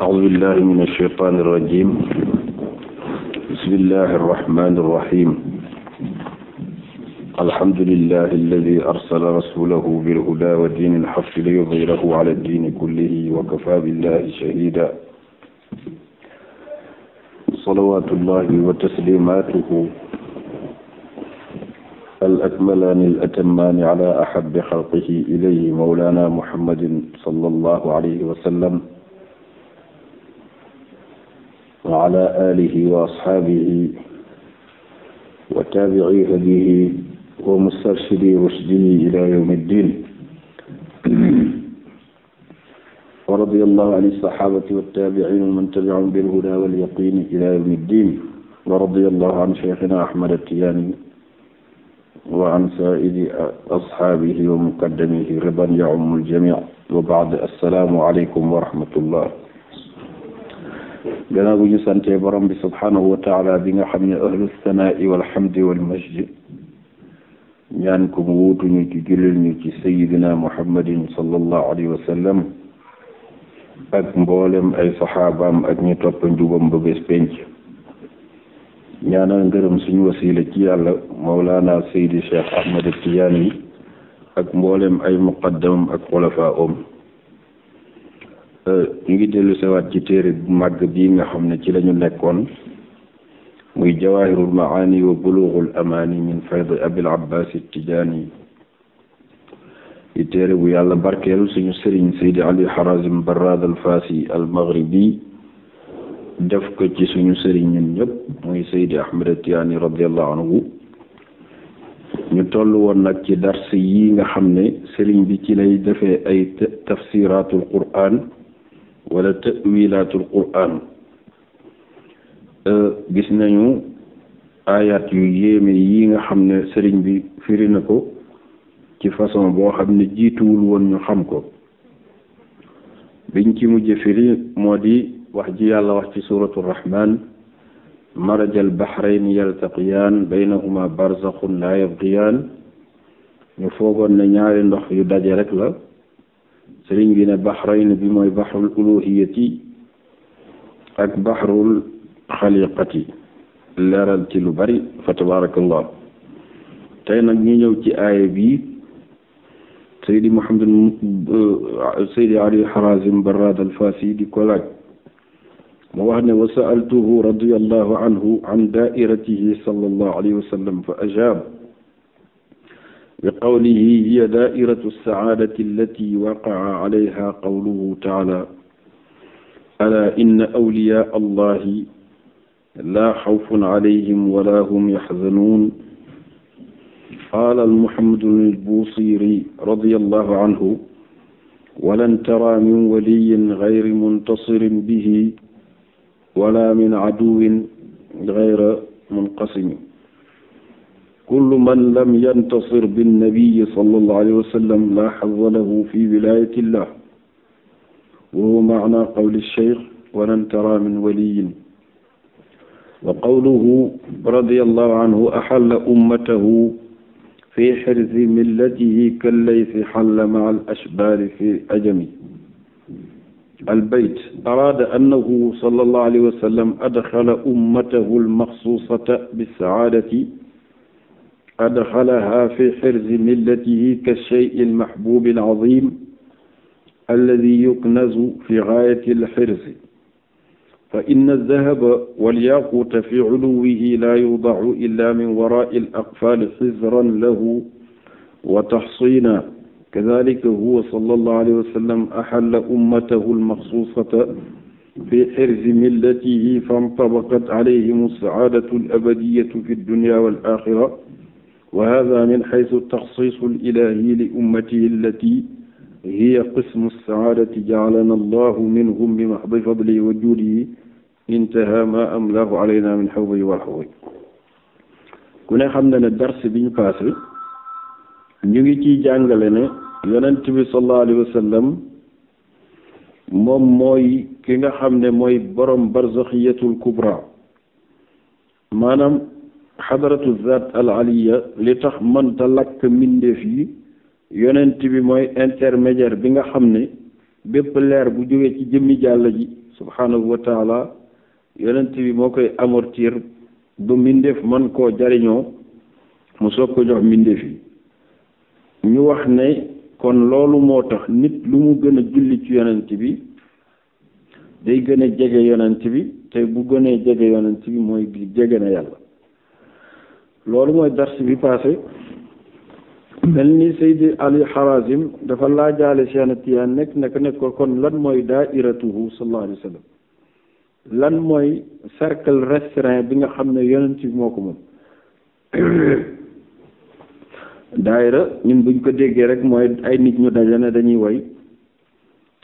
أعوذ بالله من الشيطان الرجيم بسم الله الرحمن الرحيم الحمد لله الذي أرسل رسوله بالهدى ودين الحق ليظهره على الدين كله وكفى بالله شهيدا صلوات الله وتسليماته الأكملان الأتمان على أحب خلقه إليه مولانا محمد صلى الله عليه وسلم وعلى آله وأصحابه وتابعي هديه ومسترشدي رشدي إلى يوم الدين ورضي الله عن الصحابة والتابعين ومن تبعهم بالهدى واليقين إلى يوم الدين ورضي الله عن شيخنا أحمد التياني وعن سائر أصحابه ومقدمه رضا يعم الجميع وبعد السلام عليكم ورحمة الله gannaaw bu ñu santee borom bi subhanahu wa taala bi nga xam ne ahlu sanaa'i walhamdi walmajdi ñaan ko mu wuutuñu ci julil ñu ci sayidina muhammadin sallallahu alayhi wa sallam ak mboolem ay saxaabaam ak ñu topp njubam ba bés penc ñaanal ngërëm suñu wasila ci yàlla Mawlana Seydi Cheikh Ahmed Tidiane yi ak mboolem ay muqaddamam ak xulafa om euh, ñu ngi dellu sewaat ci téere bu màgg bii nga xam ne ci lañu nekkoon muy jawaahirul maani wa bulughul amaani min faydi abil abbaas Tidiane yi téere bu yàlla barkeel suñu sëriñ Seydi Ali Harazim Barrad al Fasi def ko ci suñu sëriñ ñun ñëpp muy Seydi Ahmed Tiyaani radiyallahu anhu ñu toll woon nag ci dars yi nga xam ne sëriñ bi ci lay defee ay tafsiraatul qur'aan wala ta'wilaatul qur'aan euh, gis nañu ayat yu yéeme yi nga xam ne sëriñ bi firi na ko ci façon boo xam ne jiituwul woon ñu xam ko biñ ci mujj firi moo di wax ji yàlla wax ci suratu rahman marajal baxrayn yaltaqiyaan baynahuma barzaxun laa yabqiyaan ñu foogoon ne ñaari ndox yu daje rek la sëriñ bi ne baxrayn bi mooy baxrul uluhiyati ak baxrul xaliqati leeral ci lu bari fa tabarakallah tey nag ñu ñëw ci aaya bi saydi Muhammad euh, saydi Ali Harazim Barrad al Fasi di mu wax ne wa saaltuhu radiallahu anhu an daairatihi sallallahu alayhi wa sallam fa ajaab bi qawlihi hiya daairatu saadati allati waqaa alayha qawluhu taala ala inna awliyaa allahi laa xawfun alayhim wala hum yaxzanuun qaala muhammadu albuusiri radiallahu anhu walan tara min waliyin gayri muntasirin bihi wala min aduwin gayra munqasimi kullu man lam yantasir binnabiyi sallallahu alayhi wa sallam la xaza lahu fi wilayati llah wa huwa maana qawli cheikh walan tara min waliyin wa qawluhu radiyallahu anhu axalla ummatahu fi xirzi millatihi kallaysi xalla maa al ashbaari fi ajami البيت أراد أنه صلى الله عليه وسلم أدخل أمته المخصوصة بالسعادة أدخلها في حرز ملته كالشيء المحبوب العظيم الذي يكنز في غاية الحرز فإن الذهب والياقوت في علوه لا يوضع إلا من وراء الأقفال حزرا له وتحصينا كذلك هو صلى الله عليه وسلم أحل أمته المخصوصة بحرز ملته فانطبقت عليهم السعادة الأبدية في الدنيا والآخرة وهذا من حيث التخصيص الإلهي لأمته التي هي قسم السعادة جعلنا الله منهم بمحض فضله وجوده intaha ma amlaahu alayna min xawba yi wal xaway ku ne xam na ne dars bi ñu paase ñu ngi ciy jàngale ne yonent bi sallallahu alayhi moom mooy ki nga xam ne mooy borom barzaxiyatul kubra maanaam xadaratu zaat al aliya li tax mënta lakk mbindeef yi yonent bi mooy intermédiaire bi nga xam ne bépp leer bu jógee ci jëmmi jàll ji subhanahu wa taala yonent bi moo koy amortir ba mbindeef man koo jariñoo mu soog ko jox mbindeef yi ñu wax ne kon loolu moo tax nit lu mu gën a julli ci yonent bi day gën a jege yonent bi te bu gënee jege yonent bi mooy bi jege na yàlla loolu mooy dars bi passé mel ni Seydi Ali Harazim dafa laajaale Cheikh Tijaan nekk nekk nekk ko kon lan mooy daairatuhu sallallahu alayhi wa sallam lan mooy cercle restreint bi nga xam ne yonent bi moo ko moom daayira ñun buñ ko déggee rek mooy ay nit ñu daje ne dañuy woy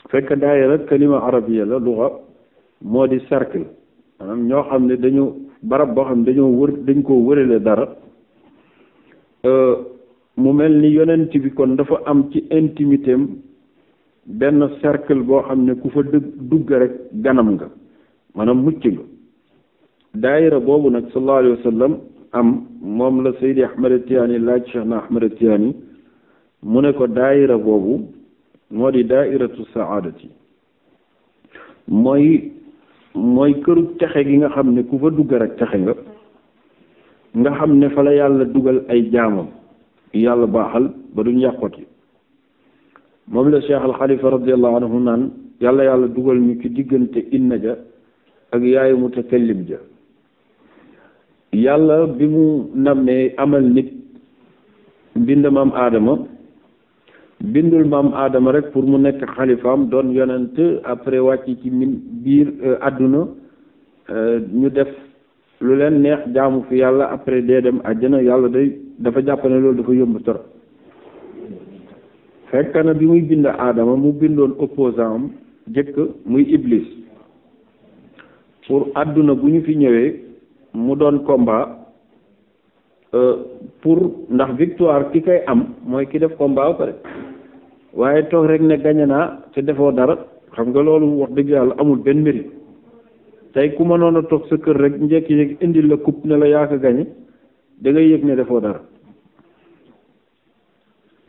fekk daayira kalima arabiya la luxa moo di cercle maanaam ñoo xam ne dañu barab boo xam ne dañoo wër dañ koo wërale dara euh, mu mel ni yonent bi kon dafa am ci intimité benn cercle boo xam ne ku fa dugg rek ganam nga maanaam mucc nga daayira boobu nag sallallahu alayhi wa am moom la Seydi Ahmed Tiyaani laaj Cheikh na Ahmed Tiyaani mu ne ko daayira boobu moo di daairatu saadati mooy mooy këru texe gi nga xam ne ku fa dugg rek texe nga nga xam ne fa la yàlla dugal ay jaamam yàlla baaxal ba duñ yàqoti moom la Cheikh al Xalifa radiallahu anhu naan yàlla yàlla dugal ñu ci diggante inna ja ak yaayu mutakallim ja yàlla bi mu nammee amal nit bind mam aadama bindul mam aadama rek pour mu nekk xalifaam doon yonent après wàcc ci min biir euh, àdduna euh, ñu def lu leen neex jaamu fi yàlla après dee dem àjjana yàlla day dafa jàpp loolu dafa yomb trop fekk na bi muy bind aadama mu bindoon opposant jëkk muy iblis pour àdduna bu ñu fi ñëwee mu doon combat euh, pour ndax victoire ki koy am mooy ki def combat waaye toog rek ne gañe naa te defoo dara xam nga loolu wax dëgg yàlla amul benn mérite tey ku mënoon a toog sa kër rek njekki-njekki indil la coupe ne la yaa ko gañe da ngay yëg ne defoo dara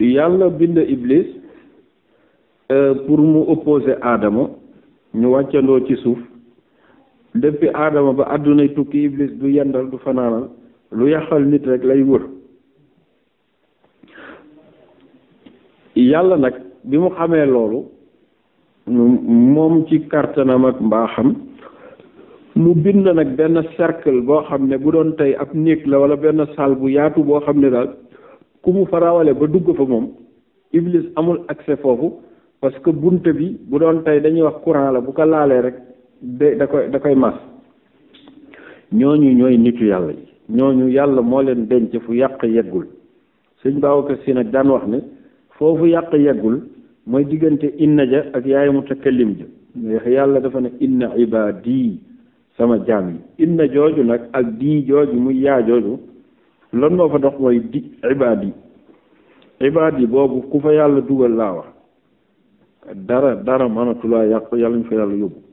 yàlla bind iblis euh, pour mu opposer aadama ñu wàccandoo ci suuf depuis aadama ba àddunay tukki iblis du yendal du fanaanal lu yàqal nit rek lay wër yàlla nag bi mu xamee loolu moom ci kàttanam ak mbaaxam mu bind nag benn cercle boo xam ne bu doon tey ab néeg la wala benn salle bu yaatu boo xam ne daal ku mu farawale ba dugg fa moom iblis amul accès foofu parce que bunte bi bu doon tey dañuy wax courant la bu ko laalee rek da da koy da koy mas ñooñu ñooy nitu yàlla yi ñooñu yàlla moo leen denc fu yàq yeggul sëñ Babacar Si nag daan wax ne foofu yàq yeggul mooy diggante inna ja ak yaay mutakallim ja yàlla dafa ne inna ibaadi sama jaam yi jooju nag ak dii jooju muy yaa jooju loolu moo fa dox mooy di ibaadi yi boobu ku fa yàlla dugal laa wax dara dara mënatulaa yàq yàlla ñu fa yàlla yóbbu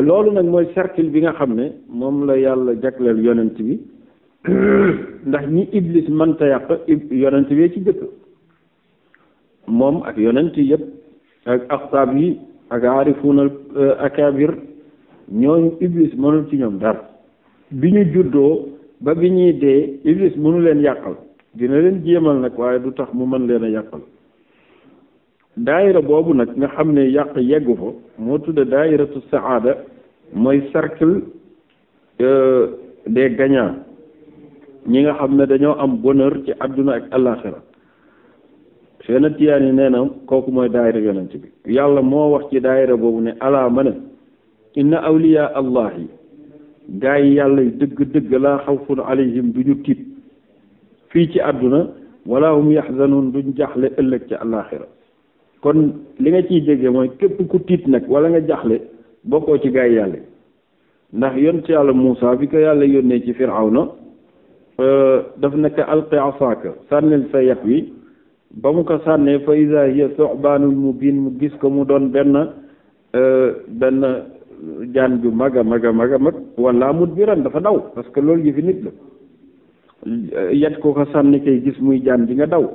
loolu nag mooy cercle bi nga xam ne moom la yàlla jagleel yonent bi ndax ñi iblis mënta yàq yonent bee ci jëkk moom ak yonent yépp ak axtaab yi ak aarifuuna akabir ñooñu iblis mënul ci ñoom dara bi ñu juddoo ba bi ñuy dee iblis mënu leen yàqal dina leen jéemal nag waaye du tax mu mën leen a yàqal daayira boobu nag nga xam ne yàq yeggu ko moo tudda daayiratu saada mooy cercle de gagnants ñi nga xam ne dañoo am bonheur ci àdduna ak àllaaxira fenn tiyaan yi nee na kooku mooy daayira yonent bi yàlla moo wax ci daayira boobu ne alaa ma ne inna awliyaa allah yi gaa yi yàlla dëgg dëgg laa xawfun alayhim du ñu tiit fii ci àdduna wala hum yaxzanuun duñ jaxle ëllëg ci àllaaxira kon li nga ciy déggee mooy képp ku tiit nag wala nga jaxle bokkoo ci gaay yàlla ndax yonent yàlla Muusa bi ko yàlla yónnee ci Firawna euh, daf nekk alqi asaaka sànnil sa yat wi ba mu ko sànnee fa iza hiya su'baanun mubiin mu gis ko mu doon benn euh, benn jaan ju mag a mag a mag a mag wala ren dafa daw parce que loolu yëfi nit la yat ko ko sànni kay gis muy jaan bi nga daw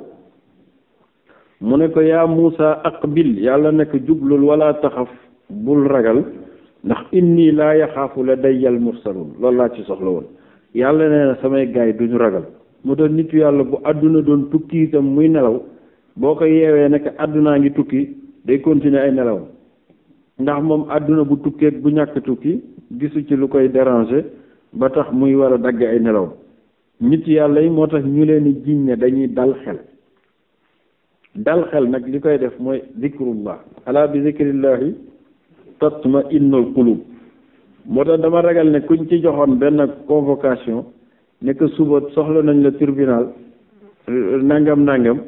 mu ne ko yaa Muusa aqbil yàlla nekk jublul wala taxaf bul ragal ndax inni laa yaxaafu la dayyal mursalun loolu laa ci soxla woon yàlla nee na samay gaay duñu ragal moo doon nit yàlla bu àdduna doon tukki itam muy nelaw boo ko yeewee nekk àddunaa ngi tukki day continuer ay nelaw ndax moom àdduna bu tukkeeg bu ñàkk tukki gisu ci lu koy déranger ba tax muy war a dagg ay nelaw nit yàlla yi moo tax ñu leen di jiñ ne dañuy dal xel dal xel nag li koy def mooy zikrullah ala bi zikrillahi tatma innul qulub moo tax dama ragal ne kuñ ci joxoon benn convocation nekk suba soxla nañ la tribunal nangam ndangam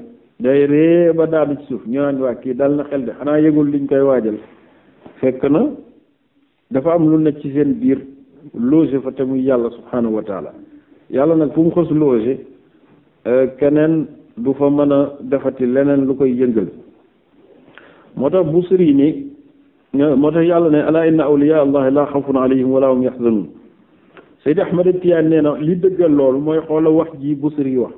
day ree ba daanu ci suuf ñu naan waa kii dal na xel de xanaa yëgul liñ koy waajal fekk na dafa am lu nekk ci seen biir loge fa te muy yàlla subhanahu wa yàlla nag fu mu xos loge euh, keneen du fa mën a defati leneen lu koy yëngal moo tax bu sëriñ moo tax yàlla ne alaa inna awliyaa allahi laa xawfun alayhim wala hum yaxzanuun Seydi Ahmad Tiyaan nee na li dëggal loolu mooy xoola wax ji Busiri wax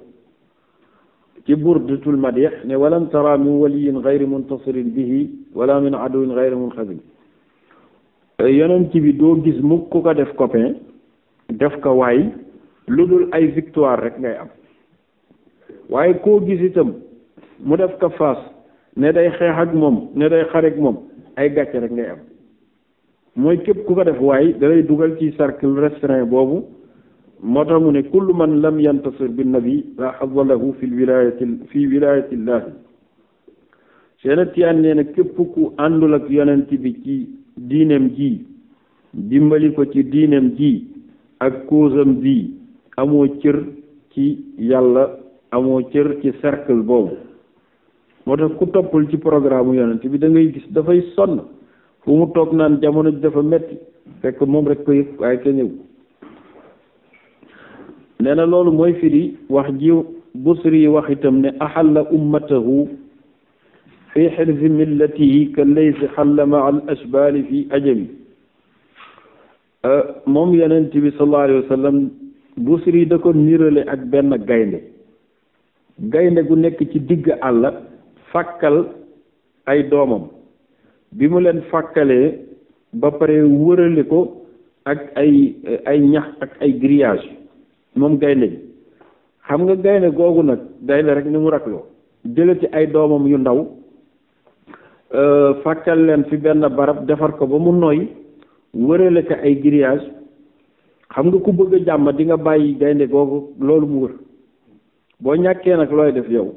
ci burdatul madih ne walan tara min waliyin gayri muntasirin bihi bi doo gis mukk ku ko def copain def ko waay lu dul ay victoire rek ngay am waaye koo gis itam mu def ko face ne day xeex ak moom ne day xare ak moom ay gàcce rek ngay am mooy képp ku ko def waaye dalay dugal ci cercle restreint boobu moo tax mu ne kullu man lam yantasir bi nabi la xadda lahu fi wilayati fi wilayatillahi seena tiyaan nee képp ku àndul ak yonent bi ci diineem ji dimbali ko ci diineem ji ak koosam bi amoo cër ci yàlla amoo cër ci cercle boobu moo tax ku toppal ci programme yonent bi da ngay gis dafay sonn fu mu toog naan jamono ji dafa metti fekk moom rek ko waaye kenn yëgu nee na loolu mooy firi wax ji busri yi wax itam ne axalla ummatahu fi xirzi millatihi ka laysi xalla al ashbaali fi ajami moom yonent bi sallallahu alayhi wa sallam yi da ko nirale ak benn gaynde gaynde gu nekk ci digg àll fàkkal ay doomam bi mu leen fàkkalee ba pare wërale ko ak ay ay ñax ak ay grillage moom gaynde gi xam nga gaynde googu nag gaynde rek ni mu rakloo jële ci ay doomam yu ndaw euh, fàkkal leen fi benn barab defar ko ba mu nooy wërale ko ay grillage xam nga ku bëgg a jàmm di nga bàyyi gaynde googu loolu mu wër boo ñàkkee nag looy def yow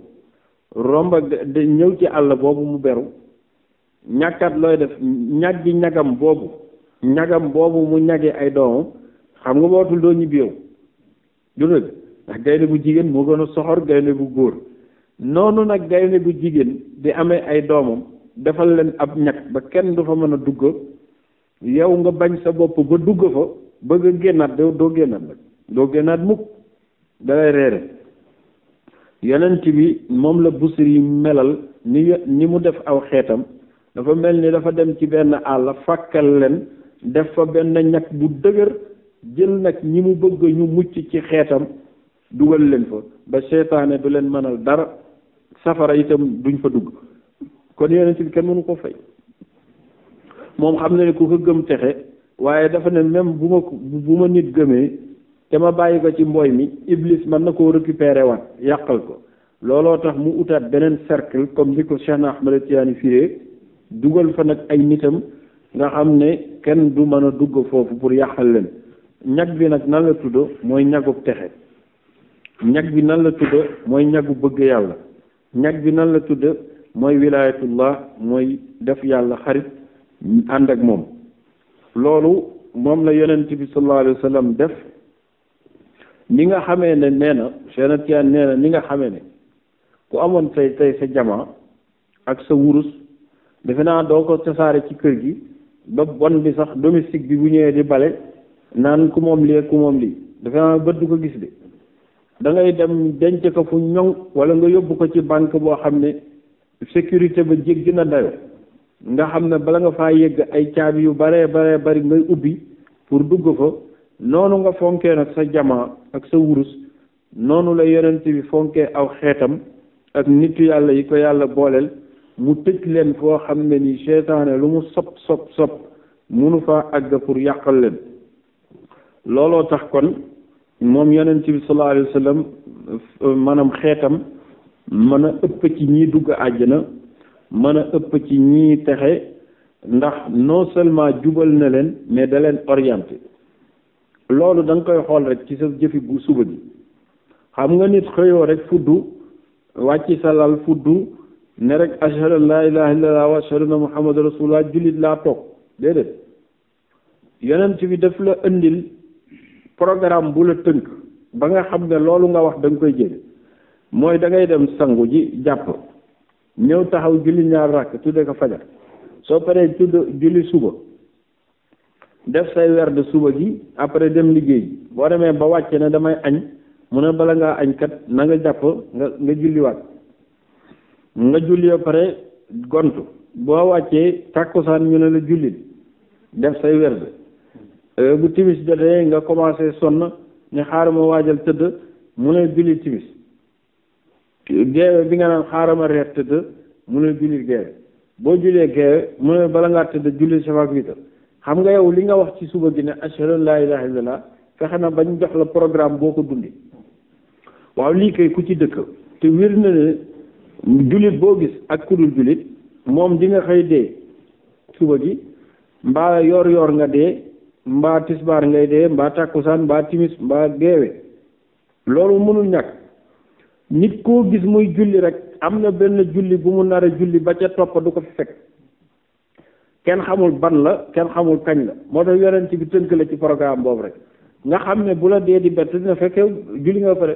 romb de ñëw ci àll boobu mu beru ñàkkat looy def ñag gi ñagam boobu ñagam boobu mu ñage ay doomam xam nga bootul doo ñibbi yow du dëgg ndax gaynde bu jigéen moo gën a soxor gaynde bu góor noonu nag gaynde bu jigéen di amee ay doomam defal leen ab ñag ba kenn du fa mën a dugg yow nga bañ sa bopp ba dugg fa bëgg a génnaat doo génnaat nag doo génnaat mukk dalay reere yonent bi moom la yi melal ni ni mu def aw xeetam dafa mel ni dafa dem ci benn àll fàkkal leen def fa benn ñag bu dëgër jël nag ñi mu bëgg ñu mucc ci xeetam dugal leen fa ba seetaane du leen mënal dara safara itam duñ fa dugg kon yonent bi kenn mënu koo fay moom xam na ne ku ko gëm texe waaye dafa ne même bu ma bu ma nit gëmee dama bàyyi ko ci mbooy mi iblis mën na koo récupérer waat yàqal ko looloo tax mu utaat beneen cercle comme ni ko Cheikh na Ahmed Tidiane firee dugal fa nag ay nitam nga xam ne kenn du mën a dugg foofu pour yàqal leen ñag bi nag nan la tudd mooy ñagub texe ñag bi nan la tudd mooy ñagu bëgg yàlla ñag bi nan la tudd mooy wilaayatullah mooy def yàlla xarit ànd ak moom loolu moom la yonent bi sallallahu alayhi def ni nga xamee ne nee na Seexna Tijaan ni nga xamee ne ku amoon tey tey sa jamaa ak sa wurus defe naa doo ko tasaare ci kër gi ba bon bi sax domestique bi bu ñëwee di bale naan ku moom lii ku moom lii defe naa bët du ko gis de dangay dem denc ko fu ñoŋ wala nga yóbbu ko ci banque boo xam ne sécurité ba jéggi na dayo nga xam ne bala nga faa yegg ay caabi yu baree baree bari ngay ubbi pour dugg fa noonu nga fonkee nag sa jamaa ak sa wurus noonu la yeneen bi fonkee aw xeetam ak nitu yàlla yi ko yàlla booleel mu tëj leen foo xam ne ni seytaane lu mu sop sop sop munu faa àgg pour yàqal leen looloo tax kon moom yonent bi sallallahu alayhi maanaam xeetam mën a ëpp ci ñii dugg àjjana mën a ëpp ci ñii texe ndax noo seulement jubal na leen mais da leen orienté loolu da nga koy xool rek ci sa jëfi bu suba bi xam nga nit xëyoo rek fuddu wàcci sa lal fuddu ne rek ashhadu laa ilaha illallah wa ashhadu anna muhammadu rasulullah jullit laa toog déedéet yonent bi daf la indil programme bu la tënk ba nga xam ne loolu nga wax da koy jël mooy da ngay dem sangu ji jàpp ñëw taxaw julli ñaar rakk tudde ko fajar soo paree tudd julli suba def say werd suba gi après dem liggéey boo demee ba wàcce ne damay añ mu ne bala ngaa añ kat na nga jàpp nga nga julliwaat nga julli ba pare gontu boo wàccee tàkkusaan ñu ne la jullit def say werd bu timis jotee nga commencé sonn ne xaaral ma waajal tëdd mu ne julli timis geewe bi nga naan xaaral ma reer tëdd mu ne julli geewe boo jullee geewe mu ne bala ngaa tëdd julli safaak wiitar xam nga yow li nga wax ci suba gi ne ashhadu an laa ilaha illallah fexe na bañ jox la programme boo ko dundee waaw lii kay ku ci dëkk te wér na ne jullit boo gis ak kudul jullit moom di nga xëy dee suba gi mbaa yor yor nga dee mbaa tisbaar ngay dee mbaa tàkkusaan mbaa timis mbaa geewe loolu mënul ñag nit koo gis muy julli rek am na benn julli bu mu nar a julli ba ca topp du ko fi fekk kenn xamul ban la kenn xamul kañ la moo tax yonent bi tënk la ci programme boobu rek nga xam ne bu la dee di bett dina fekkee julli nga pare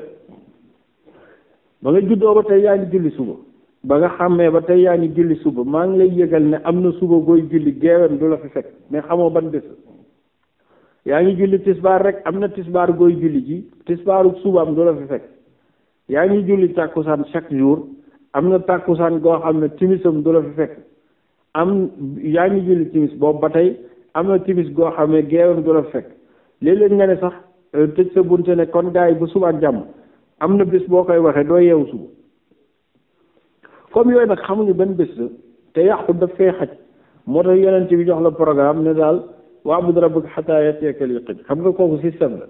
ba nga juddoo ba tey yaa ngi julli suba ba nga xàmmee ba tey yaa ngi julli suba maa ngi lay yëgal ne am na suba booy julli geewem du fi fekk mais xamoo ban bés yaa ngi julli tisbaar rek am na tisbaar gooy julli ji tisbaaru subaam du la fi fekk yaa ngi julli tàkkusaan chaque jour am na tàkkusaan goo xam ne timisam du la fi fekk am yaa ngi julli timis boobu ba tey am na timis goo xam ne gu du la fekk léeg-léeg nga ne sax euh, tëj sa bunte ne kon gaa yi bu suba jàmm am na bés boo koy waxee doo yeewu suba comme yooyu nag xamuñu benn bés la te yàqu daf fee xaj moo tax yonent bi jox la programme ne daal wa'bud rabbaka hattaa ya'tiyakal yaqiin xam nga kooku système la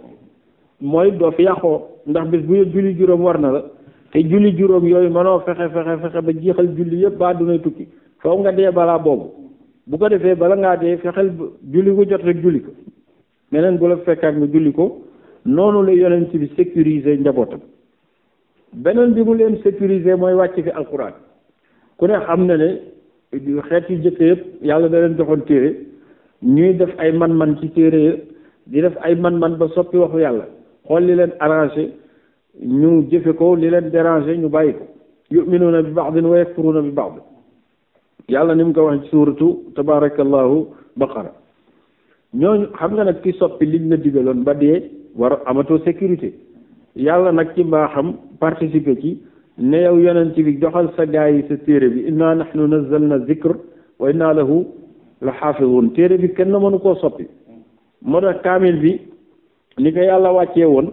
mooy doo fi yàqoo ndax bés bu yëpp julli juróom war na la te julli juróom yooyu mënoo fexe fexe fexe ba jeexal julli yëpp ba àddunay tukki faw nga dee balaa boobu bu ko defee bala ngaa dee fexeel julli ko jot rek julli ko meneen bu la fekkaat nga julli ko noonu la yonent bi sécuriser njabootam beneen bi mu leen sécuriser mooy wàcc fi alquran ku ne xam na ne xeet yu jëkk yëpp yàlla da leen joxoon téere ñuy def ay man-man ci téere di def ay man-man ba soppi waxu yàlla xool li leen arrangé ñu jëfe ko li leen dérangé ñu bàyyi ko yuminuuna bi ba'din wa yakfuruuna bi ba'din yàlla ni mu ko wax ci suuratu tabarakallahu baqara ñooñu xam nga nag ki soppi liñ la digaloon ba dee war amatoo sécurité yàlla nag ci mbaaxam participer ci ne yow yonent bi joxal sa gaa yi sa téere bi inna nahnu nazzalna zikr wa inna lahu la woon téere bi kenn mënu koo soppi moo tax kaamil bi ni ko yàlla wàccee woon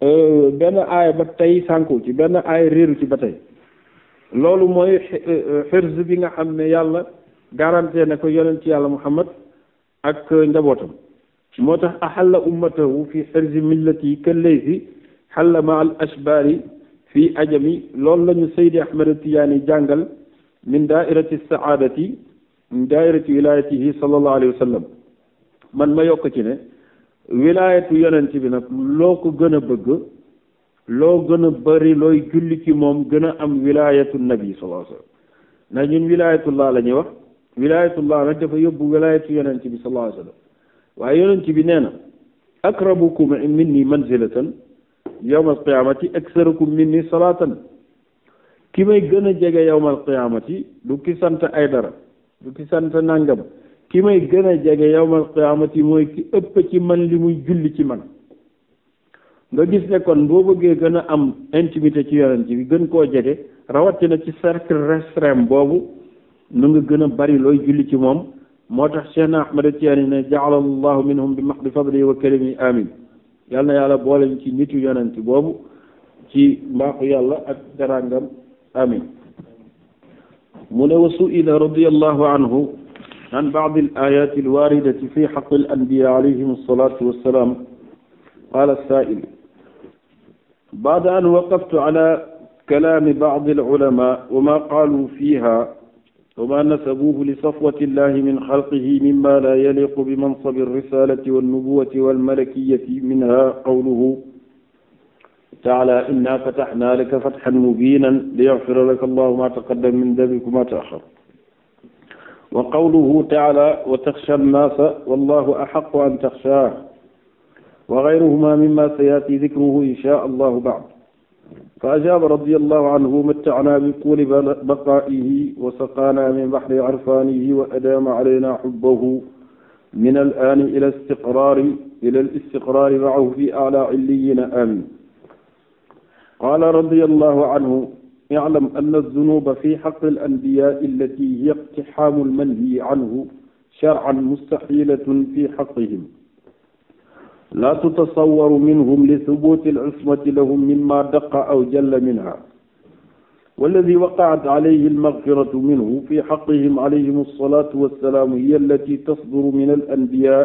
euh, benn aaya ba tey sànku ci benn aaya réeru ci ba tey loolu mooy eh, eh, xirs bi nga xam ne yàlla garanté na ko yeneen ci yàlla muhammad ak njabootam moo tax axalla ummatahu fi xirsi millati kallaysi xalla ma al ashbaari fi ajami loolu la ñu saydi ahmad tiyaani jàngal min daairati saadati min daairati wilayatihi sallallahu alayhi wa sallam man ma yokk ci ne wilayatu yonent bi nag loo ko gën a bëgg loo gën a bari looy julli ci moom gën a am wilaayatu nabi sallallahu alayhi wasallam ndax wilaayatullah la ñuy wax wilaayatullah nag dafa yóbbu wilaayatu yonent bi sallallahu alayhi wasallam waaye yonent bi nee na akrabukum minni salaatan ki may gën a jege yawmal qiyaamati du ki sant ay dara du ki sant nangam ki may gën a jege yawmal qiyaamati mooy ki ëpp ci man li muy julli ci man nga gis ne kon boo bëggee gën a am intimité ci yonent bi gën koo jege rawatina ci cercle restreint boobu nu nga gën a bari looy julli ci moom moo tax Cheikh Ahmad Tijaani ne jaala allahu minhum bi maxdi fadli wa karimi amin yal na yàlla boole ci nitu yonent boobu ci mbaaxu yàlla ak daraangam amin mu ne wa suila radiallahu anhu an baadi al ayati alwaridati fi xaqi al anbiya alayhim alsalatu wassalam qala saail baada an waqaftu ala kalaami baadi alulama wa ma qaalu fiha wa ma nasabuuhu li safwati illahi min xalqihi mima la yaliqu bi mansabi alrisalati walnubuwati walmalakiyati minha qawluhu taala inna fataxna laka fatxan mubinan liyaxfira laka allahu ma taqaddama min dambika ma taaxar wa qawluhu taala wa taxsha annaasa wallahu axaqu an taxshaahu wa gayruhuma mimma sayati dikruhu insha allahu baad fa ajaaba radiyallahu anhu matta'naa bi tuuli baqaa'ihi wa saqaanaa min bahri irfaanihi wa adaama alaynaa hubbahu min al-aani ila istiqraari ila al-istiqraari ma'ahu fi a'laa 'illiyyiina aamiin qaala radiyallahu anhu i'lam anna az-zunuuba fi haqqi al-anbiyaa'i allatii hiya iqtihaamu al-manhiyyi 'anhu shar'an mustahiilatun fi haqqihim laa tutasawwaru minhum li thubuti al-ismati lahum mimma daqa aw jalla minha walladi waqaat alayhi almaghfiratu minhu fi xaqihim alayhim alsalatu wassalaamu hiya allati tasduru min alanbiya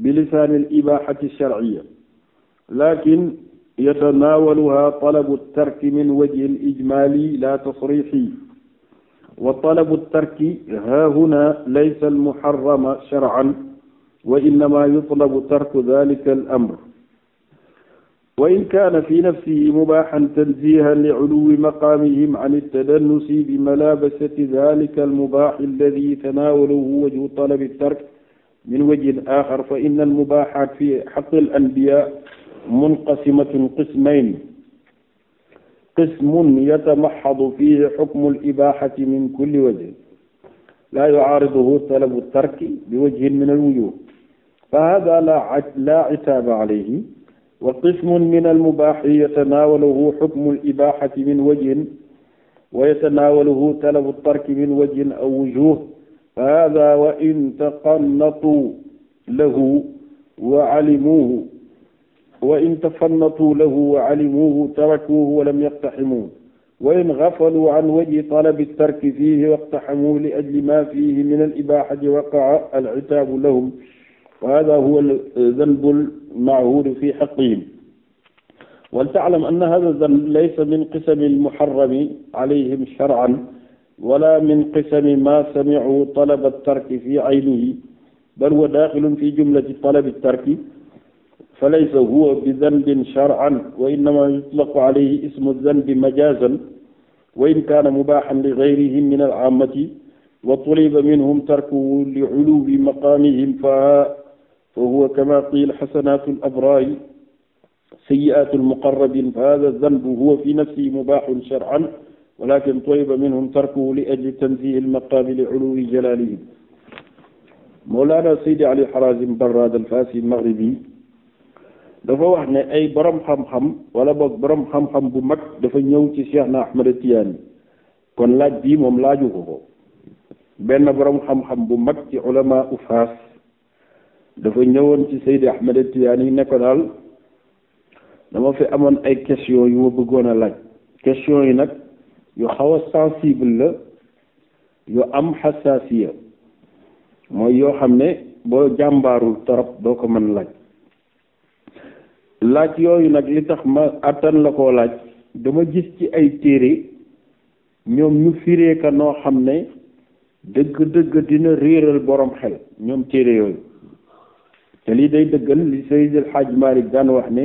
bilisaani alibahati alsharciya lakin yatanaawaluha talabu altarki min wajhi alijmali la tasrixi wa talabu altarki haahuna laysa almuharrama sharcan wa innama yutlabu tarku dalika al amr wa in kaana fi nafsihi mubaaxan tanzihan li culuwi maqaamihim an altadannusi bi malaabasati dalika almubaax alladi yatanawaluhu wajhu talabi tark min wajhin axar fa inna almubaaxaat fi xaqi alanbiya munqasimatun qismayn qismun yatamaxadu fihi xukmu alibaaxati min kulli wajhin laa yucaariduhu talabu tarki bi wajhin min alwujuh فهذا لا لا عتاب عليه وقسم من المباح يتناوله حكم الإباحة من وجه ويتناوله تلف الترك من وجه أو وجوه فهذا وإن تقنطوا له وعلموه وإن تفنطوا له وعلموه تركوه ولم يقتحموه وإن غفلوا عن وجه طلب الترك فيه واقتحموه لأجل ما فيه من الإباحة وقع العتاب لهم wa hada huwa danbu lmaahuud fi xaqihim waltaclam anna hada danb laysa min qisami almuxarami alayhim sharcan wala min qisami ma samicu talaba tarki fi aynihi bal huwa daaxilun fi jumlati talabi tarki falaysa huwa bi danbin sharcan wa innama yutlaqu alayhi ismu danbi majaazan wa in kaana mubaaxan li gayrihi min al caamati wa tuliba minhum tarkuhu li culuwi maqaamihim fa fa huwa kama qiila xasanaatu labraari sayiaatu lmuqarabin fa hada zanbu huwa fi nafsihi mubaaxun sharcan walakin toyba minhum tarkuhu li ajli tanzihi lmaqaami li culuwi jalalihim Mawlana Seydi Ali Harazim Barrad al-Fasi al-Maghribi dafa wax ne ay borom xam-xam wala boog borom xam-xam bu mag dafa ñëw ci Cheikh na Ahmed Tidiane kon laaj bii moom laaju ko ko benn borom xam-xam bu mag ci ulama u Faas dafa ñëwoon ci Seydi Ahmed Tidiane yi ne ko daal dama fi amoon ay question yu ma bëggoon a laaj question yi nag yu xaw a sensible la yu am xasaasiya mooy yoo xam ne boo jàmbaarul torop doo ko mën laaj laaj yooyu nag li tax ma àttan la ko laaj dama gis ci ay téere ñoom ñu firee ka noo xam ne dëgg-dëgg dina réeral boroom xel ñoom téere yooyu te lii day dëggal li Seydi El Hadj Malick daan wax ne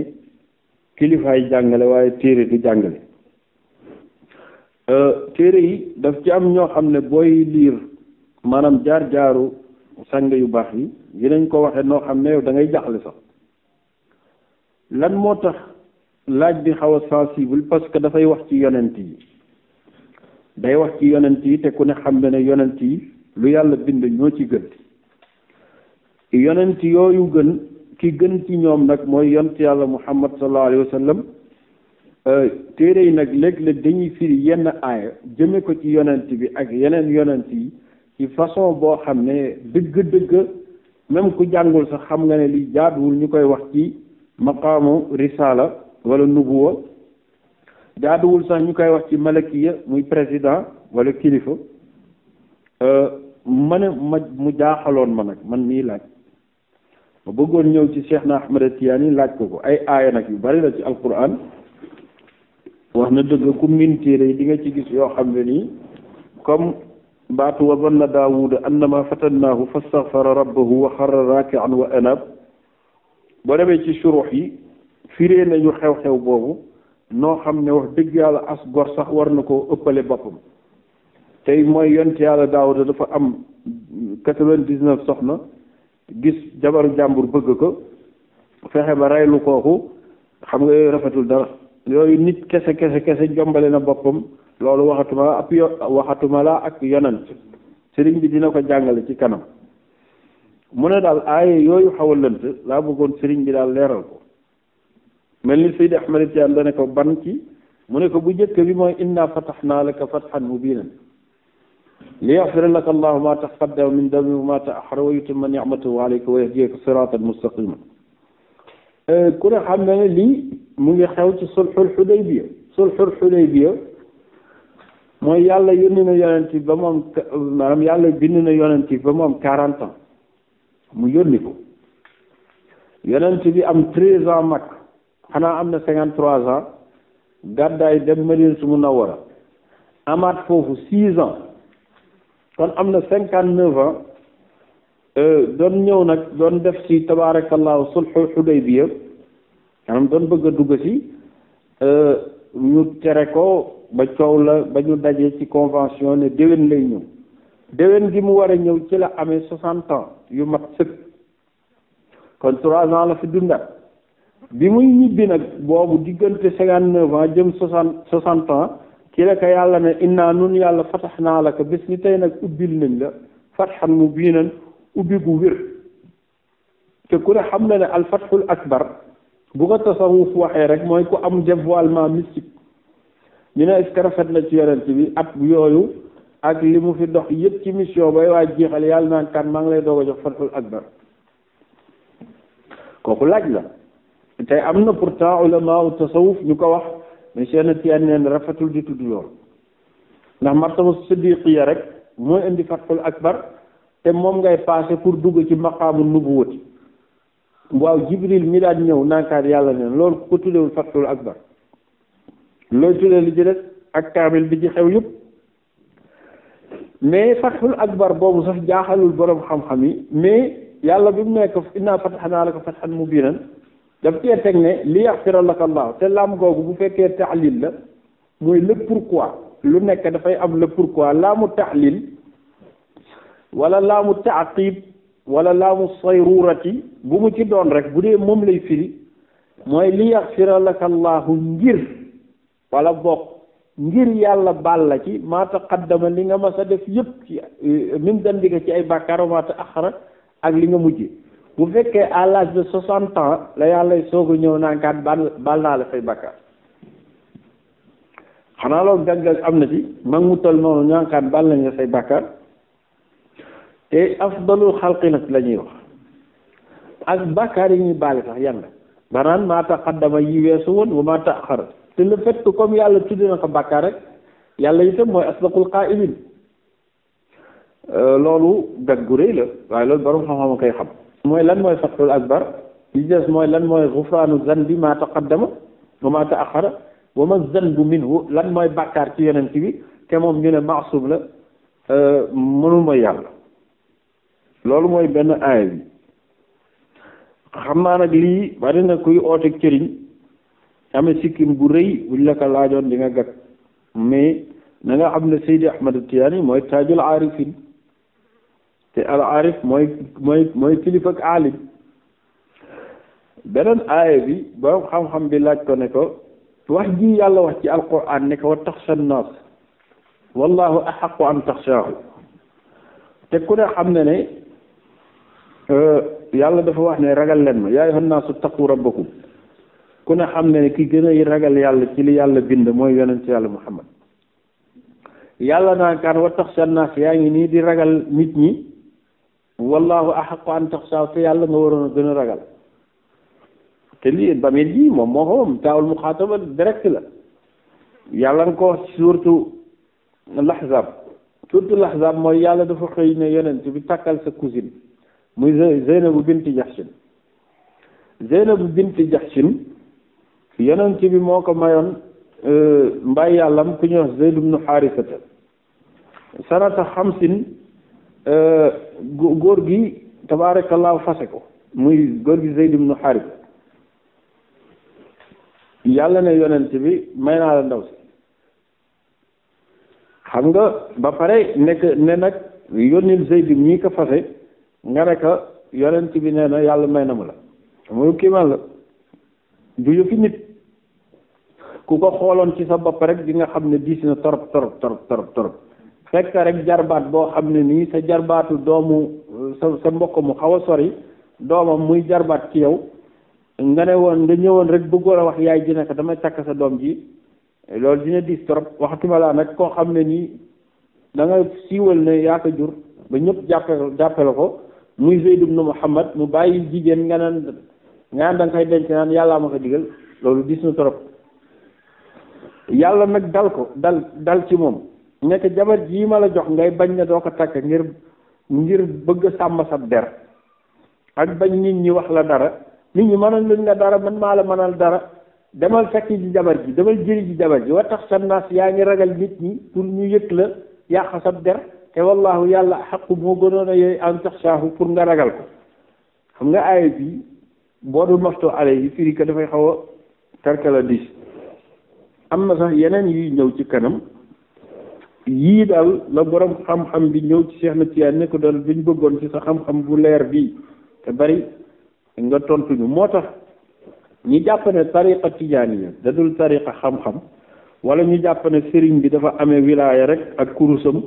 kilifaay jàngale waaye téere du jàngale euh, téere yi daf ci am ñoo xam ne booy liir maanaam jaar-jaaru sang yu baax yi dinañ ko waxe noo xam ne yow da jaxle sax lan moo tax laaj bi xaw a sensible parce dafay wax ci yonent yi day wax ci yonent yi te ku ne xam ne ne yonent yi lu yàlla bind ñoo ci gën yonent yooyu gën ki gën ci ñoom nag mooy yonent yàlla muhammad sallallahu alayhi wa euh, téere yi nag léeg-léeg dañuy firi yenn aaya jëme ko ci yonent bi ak yeneen yonent yi ci façon boo xam ne dëgg-dëgg même ku jàngul sax xam nga ne li jaaduwul ñu koy wax ci maqaamu risala wala nubuwa jaaduwul sax ñu koy wax ci malakiya muy président wala kilifa euh, ma ne ma mu jaaxaloon ma nag man mii laaj ma bëggoon ñëw ci seex na Ahmed Tiyaani laaj ko ko ay aaya nag yu bari la ci alquran wax na dëgg ku min téere yi di nga ci gis yoo xam ne nii comme baatu wa zanna daawuda annama fatannaahu fastaghfara rabbahu wa xarra raakian wa anab boo demee ci surux yi firee nañu xew-xew boobu noo xam ne wax dëgg yàlla as gor sax war na koo ëppale boppam tey mooy yont yàlla daawuda dafa am quatre vingt soxna gis jabaru jàmbur bëgg ko fexe ba reylu kooku xam nga yooyu rafetul dara yooyu nit kese kese kese jombale na boppam loolu waxatuma la ak yonent sëriñ bi dina ko jàngale ci kanam mu ne daal aaye yooyu xaw a lënt laa bëggoon sëriñ bi daal leeral ko mel ni Seydi Ahmad Tijaan da ne ko ban ci mu ne ko bu njëkk bi mooy inna fatahnaa laka fathan mubiinan ليغفر لك الله ما تقدم من ذنبك وما تأخر ويتم نعمته عليك ويهديك صراطا مستقيما ku ne xam na ne lii mu ngi xew ci sulxul xudaybiya sulxul xudaybiya mooy yàlla yónni na yonent ba moom maanaam yàlla bind na yonent ba moom quarante ans mu yónni ko yonent bi am treize ans mag xanaa am na cinquante trois ans gàddaay dem Madina su Munawwara amaat foofu six ans kon am na cinquante neuf ans euh, doon ñëw nag doon def ci tabarakallahu sulhu Hudaybiya maanaam doon bëgg a dugg ci euh, ñu tere ko ba coow la ba ñu dajee ci convention ne déwén lay ñëw déwén gi mu war a ñëw ci la amee soixante ans yu mat sëkk kon trois ans la fi dundat bi muy ñibbi nag boobu diggante cinquante neuf ans jëm soixante soixante ans ci la ko yàlla ne inna nun yàlla fatax naa la ko bés ni tey nag ubbil nañ la fatxan mu biinan ubbi gu wér te ku ne xam na ne alfatxul akbar bu ko tasawuf waxee rek mooy ku am dévoilement mystique ñu ne est-ce rafet na ci yonent bi at yooyu ak li mu fi dox yëpp ci mission bay waa jeexal yàlla naan kan maa ngi lay doog a jox fatxul akbar kooku laaj la tey am na pourtant ulama tasawuf ñu ko wax mais Cheikh na Tijaan neen rafetul di tudd lool ndax martaba siddiqiya rek mooy indi fatxul akbar te moom ngay passé pour dugg ci maqaamu nubuwati waaw jibril mi daan ñëw naakaar yàlla neen loolu ku ko tuddewul fatxul akbar looy tuddee li ci des ak kaamil bi ci xew yëpp mais fatxul akbar boobu sax jaaxalul borom xam-xam yi mais yàlla bi mu nekk naa innaa fatxanaa laka fatxan mubiinan daf cee teg ne li yaxfira laka allah te laam googu bu fekkee taxlil la mooy le pourquoi lu nekk dafay am le pourquoi laamu taxlil wala laamu taaqib wala laamu sayrurati bu mu ci doon rek bu dee moom lay firi mooy li yaxfira laka ngir walla bokk ngir yàlla baal la ci maa taqaddama li nga ma a def yépp ci euh, min ci ay bàkkaar maa ak li nga mujje bu fekkee à l'âge de soixante ans la yàlla soog a ñëw naan kat baal baal naa la say bakkaar xanaa loolu gàgg am na ci mag mu toll noonu ñu naan kat baal nañ te afdalul xalqi nag la ñuy ak bakkaar yi ñuy baale sax yan la maanaam maa taqaddama yi maa taaxara comme yàlla tudd na yàlla itam mooy asdaqul qaa'iliin euh, loolu gàgg gu rëy la waaye loolu borom xam-xam koy xam. mooy lan mooy fatxul akbar li des mooy lan mooy xufraanu bi maa taqaddama wa maa taaxara wa ma zanbu minhu lan mooy bàkkaar ci yonent bi te moom ñu ne maasum la euh, mënul mooy yàlla loolu mooy benn aaya bi xam naa nag lii bari na kuy ooteeg cëriñ amee sikkim bu rëy buñ la ko laajoon di nga gàtt mais na nga xam ne Seydi Ahmad Tiyaani mooy taajul aarifin te al arif mooy mooy mooy kilifa ak aalim beneen aaya bi borom xam-xam bi laaj ko ne ko wax ji yàlla wax ci alquran ne ko wa taxsha nnaas wallahu axaqu an taxshaahu te ku ne xam ne ne euh, yàlla dafa wax ne ragal leen ma yaa ayyuhan naasu taqu rabbakum ku ne xam ne ne ki gën a ragal yàlla ci li yàlla bind mooy yonent yàlla muhammad yàlla naan kaan wa taxsha nnaas yaa ngi nii di ragal nit ñi wallahu a an taxsaaw te yàlla nga waroon a gën a ragal te lii bamir ji moom moo ko moom taawul muxaataba direct la yàlla nga ko wax ci suurtu laxzab suurtu laxzab mooy yàlla dafa xëy ne yonent bi takkal sa mu muy Zeynabu binti Jaxsin Zeynabu binti Jaxsin yonent bi moo ko mayoon euh, mbay yàllam ku ñuy wax Zeyd ibnu Xaarisata sanata xamsin Euh, góor gi tabaarakallaahu fase ko muy góor gi Zayd ibnu Xaarib yàlla ne yonent bi may naa la ndaw si xam nga ba pare nekk ne nag yónnil Zayd ñii ko fase nga ne yonent bi nee na yàlla may na mu la muy kiimaan la du yëfi nit ku ko xooloon ci sa bopp rek di nga xam ne diisi na torop torop torop torop torop fekk rek jarbaat boo xam ne nii sa jarbaatu doomu sa sa mbokk mu xaw a sori doomam muy jarbaat ci yow nga ne woon nga ñëwoon rek bëggoon a wax yaay ji nekk damay càkk sa doom ji loolu dina diis trop waxtuma laa nag koo xam ne nii danga nga siiwal ne yaa jur ba ñëpp jàppe jàppe la ko muy Zayd ibn Muhammad mu bàyyi jigéen nga naan nga naan da koy denc naan yàllaa ma ko digal loolu diis na trop yàlla nag dal ko dal dal ci moom nekk jabar jii ma la jox ngay bañ na doo ko takk ngir ngir bëgg sàmm sa der ak bañ nit ñi wax la dara nit ñi mënal luñ la dara man maa la mënal dara demal fekk ji jabar ji demal jëri ji jabar ji wa tax sa naas yaa ngi ragal nit ñi pour ñu yëg la yàq sa der te wallaahu yàlla xaqu moo gënoon a yooyu an tax saahu pour nga ragal ko xam nga aaya bi boo dul ale yi firi dafay xaw a tarkala dis am na sax yeneen yuy ñëw ci kanam yii daal la boroom xam-xam bi ñëw ci Cheikh na Tijaan ne ko daal bi ñu bëggoon ci sa xam-xam bu leer bii te bari nga tontuñu moo tax ñi jàpp ne tariqa tijaaniya da dul tariqa xam-xam wala ñu jàpp ne sëriñ bi dafa amee wilaaya rek ak kurusam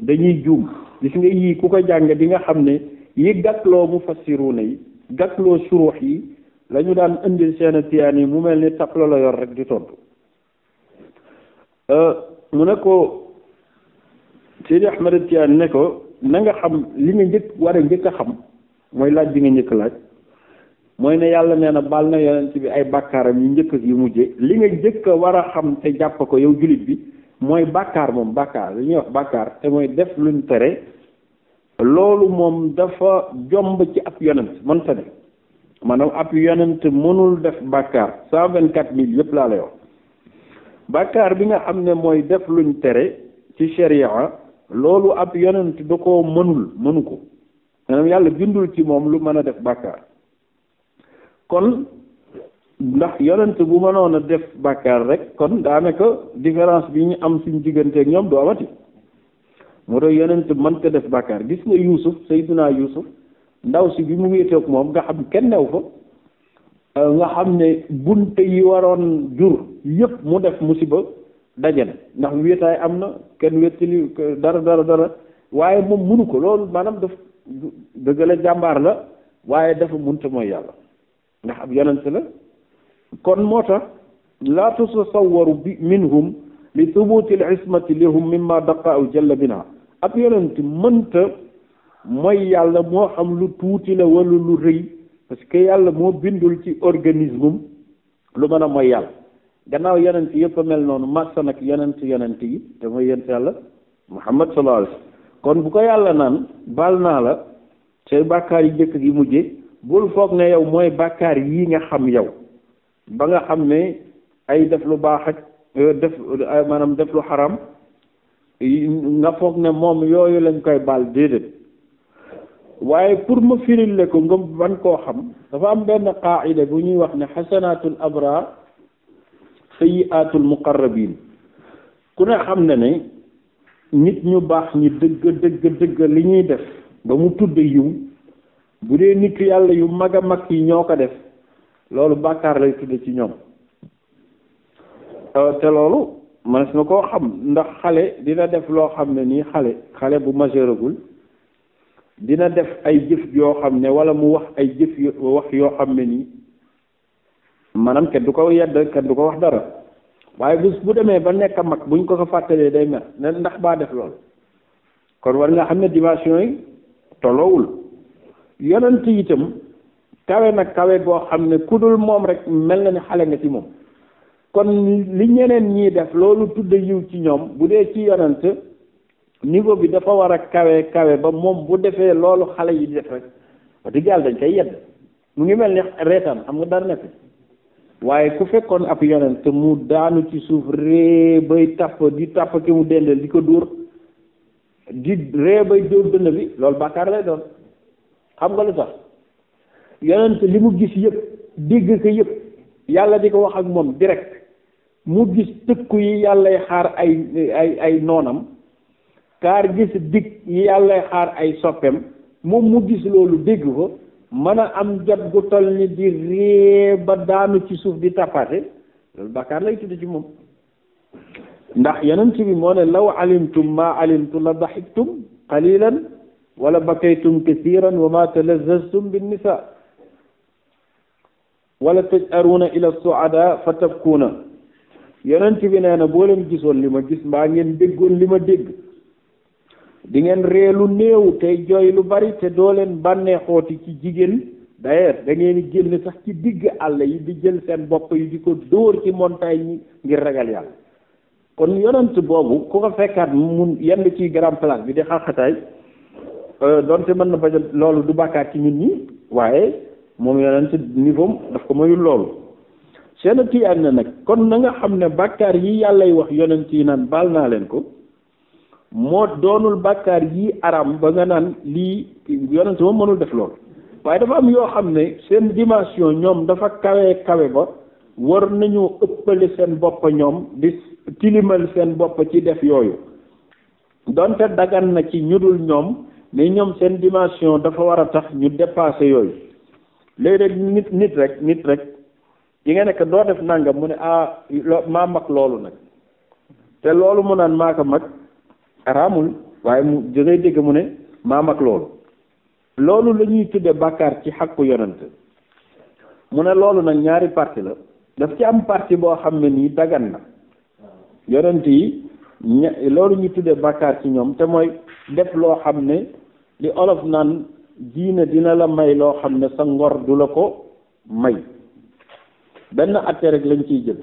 dañuy juum gis nga yii ku ko jàng di nga xam ne yi gàtloo mu fassiruuna yi gàtloo suruux yi la daan indil seen tiyaan yi mu mel ni tapla la yor rek di tontu euh, mu ne ko Seydi Ahmed Tidiane ne ko na nga xam li nga njëkk war a njëkk a xam mooy laaj bi nga njëkk laaj mooy ne yàlla nee na baal na yonent bi ay bàkkaaram yu njëkk yu mujje li nga njëkk a war a xam te jàpp ko yow jullit bi mooy bàkkaar moom bàkkaar li ñuy wax bàkkaar te mooy def luñ tere loolu moom dafa jomb ci ab yonent mënta ne maanaam ab yonent mënul def bàkkaar cent vingt quatre mille yëpp laa lay wax bàkkaar bi nga xam ne mooy def luñ tere ci sharia loolu ab yonent da koo mënul mënu ko maanaam yàlla bindul ci moom lu mën a def bàkkaar kon ndax yonent bu mënoon a def bàkkaar rek kon daanaka différence bi ñu am suñ digganteeg ñoom du amati mu tax yonent mënta def bàkkaar gis nga Yuusuf Seydina Yuusuf ndaw si bi mu wéeteeg moom nga xam kenn new fa nga xam ne bunte yi waroon jur yépp mu def musiba dajale ndax wéetaay am na kenn wéttali dara dara dara waaye moom mënu ko loolu maanaam daf dëgg la jàmbaar la waaye dafa munta mooy yàlla ndax ab yonent la kon moo tax laa tutasawwaru bi minhum li thubuti l ismati mooy yàlla moo xam lu tuuti la wala lu rëy parce que yàlla moo bindul ci organisme lu mën a mooy yàlla gannaaw yonent yépp mel noonu massa nag yonent yonent yi te mooy yonent yàlla muhammad sallallahu alayhi kon bu ko yàlla naan baal naa la say bàkkaar yi jëkk yi mujje bul foog ne yow mooy bàkkaar yi nga xam yow ba nga xam ne ay def lu baax ak euh, def euh, maanaam def lu xaram nga foog ne moom yooyu lañ koy baal déedéet waaye pour ma firil le ko nga ban koo xam dafa am benn qaida bu ñuy wax ne xasanatul abrar sayyi'atul muqarrabin ku ne xam ne ne nit ñu baax ñi dëgg dëgg dëgg li ñuy def ba mu tudd yiw bu dee nit yàlla yu mag a mag yi ñoo ko def loolu bàkkaar lay tudd ci ñoom euh, te loolu manes na koo xam ndax xale dina def loo xam ne nii xale xale bu majeuragul dina def ay jëf yoo xam ne wala mu wax ay jëf wax yoo xam ne nii maanaam kenn du ko yedd kenn du ko wax dara waaye bu bu demee ba nekk mag buñ ko ko fàttalee day mer ndax baa def loolu kon war nga xam ne dimension yi tolloowul yonent yi itam nag kawe boo xam ne ku dul moom rek mel na ni xale nga ci moom kon li ñeneen ñiy def loolu tudd yiw ci ñoom bu dee ci yonent niveau bi dafa war a kawe kawe ba moom bu defee loolu xale yi di def rek wax dëgg dañ koy yedd mu ngi mel ni reetaan xam nga dara nekk waaye ku fekkoon ab yonent mu daanu ci suuf ree bay tàpp di tàpp ki mu dendal di ko dóor di ree bay dóor dënn bi loolu bàkkaar lay doon xam nga lu tax yonent li mu gis yëpp dégg ko yëpp yàlla di ko wax ak moom direct mu gis tëkku yi yàllay xaar ay ay noonam kaar gis dig yi yàllay xaar ay soppeem moom mu gis loolu dégg ko mën a am jot gu toll ni di ree ba daanu ci suuf di tappaate loolu bàkkaar lay tudd ci moom ndax yonent bi moo ne law alimtum ma alimtu la daxiktum qalilan wala bakaytum kathiran wa ma talazaztum bin nisa wala tajaruna ila suada fa tabkuuna yonent bi nee na boo leen gisoon li ma gis mbaa ngeen déggoon li ma dégg dingeen ngeen ree lu néew tey jooy lu bari te doo leen bànneexooti ci jigéen d'ailleurs da ngeen génn sax ci digg àll yi di jël seen bopp yi di ko dóor ci montagne yi ngir ragal yàlla kon yonent boobu ku ko fekkaat mun yenn ci grand place bi di xàqataay euh, donte mën na bañ loolu du bàkkaar ci nit ñi waaye moom yonent niveau daf ko mayul loolu seen tiyaan na nag kon na nga xam ne bàkkaar yi yàllay wax yonent yi naan baal naa leen ko moo doonul bàkkaar yi aram ba nga naan lii yonent moom mënul def loolu waaye dafa am yoo xam ne seen dimension ñoom dafa kawe kawe ba war nañu ëppale seen bopp ñoom di tilimal seen bopp ci def yooyu donte dagan na ci ñu dul ñoom mais ñoom seen dimension dafa war a tax ñu dépasser yooyu léeg-léeg nit nit rek nit rek yi nga nekk doo def nàngam mu ne ah maa mag loolu nag te loolu mu naan maa ko mag araamul waaye mu dangay dégg mu ne maam ak loolu loolu la ñuy tudde bàkkaar ci xàqu yonent mu ne loolu nag ñaari parti la daf ci am parti boo xam ne nii daggan na yonent yi ña loolu ñu tudde bàkkaar ci ñoom te mooy def loo xam ne li olof naan diine dina la may loo xam ne sa ngor du la ko may benn atte rek lañ ciy jël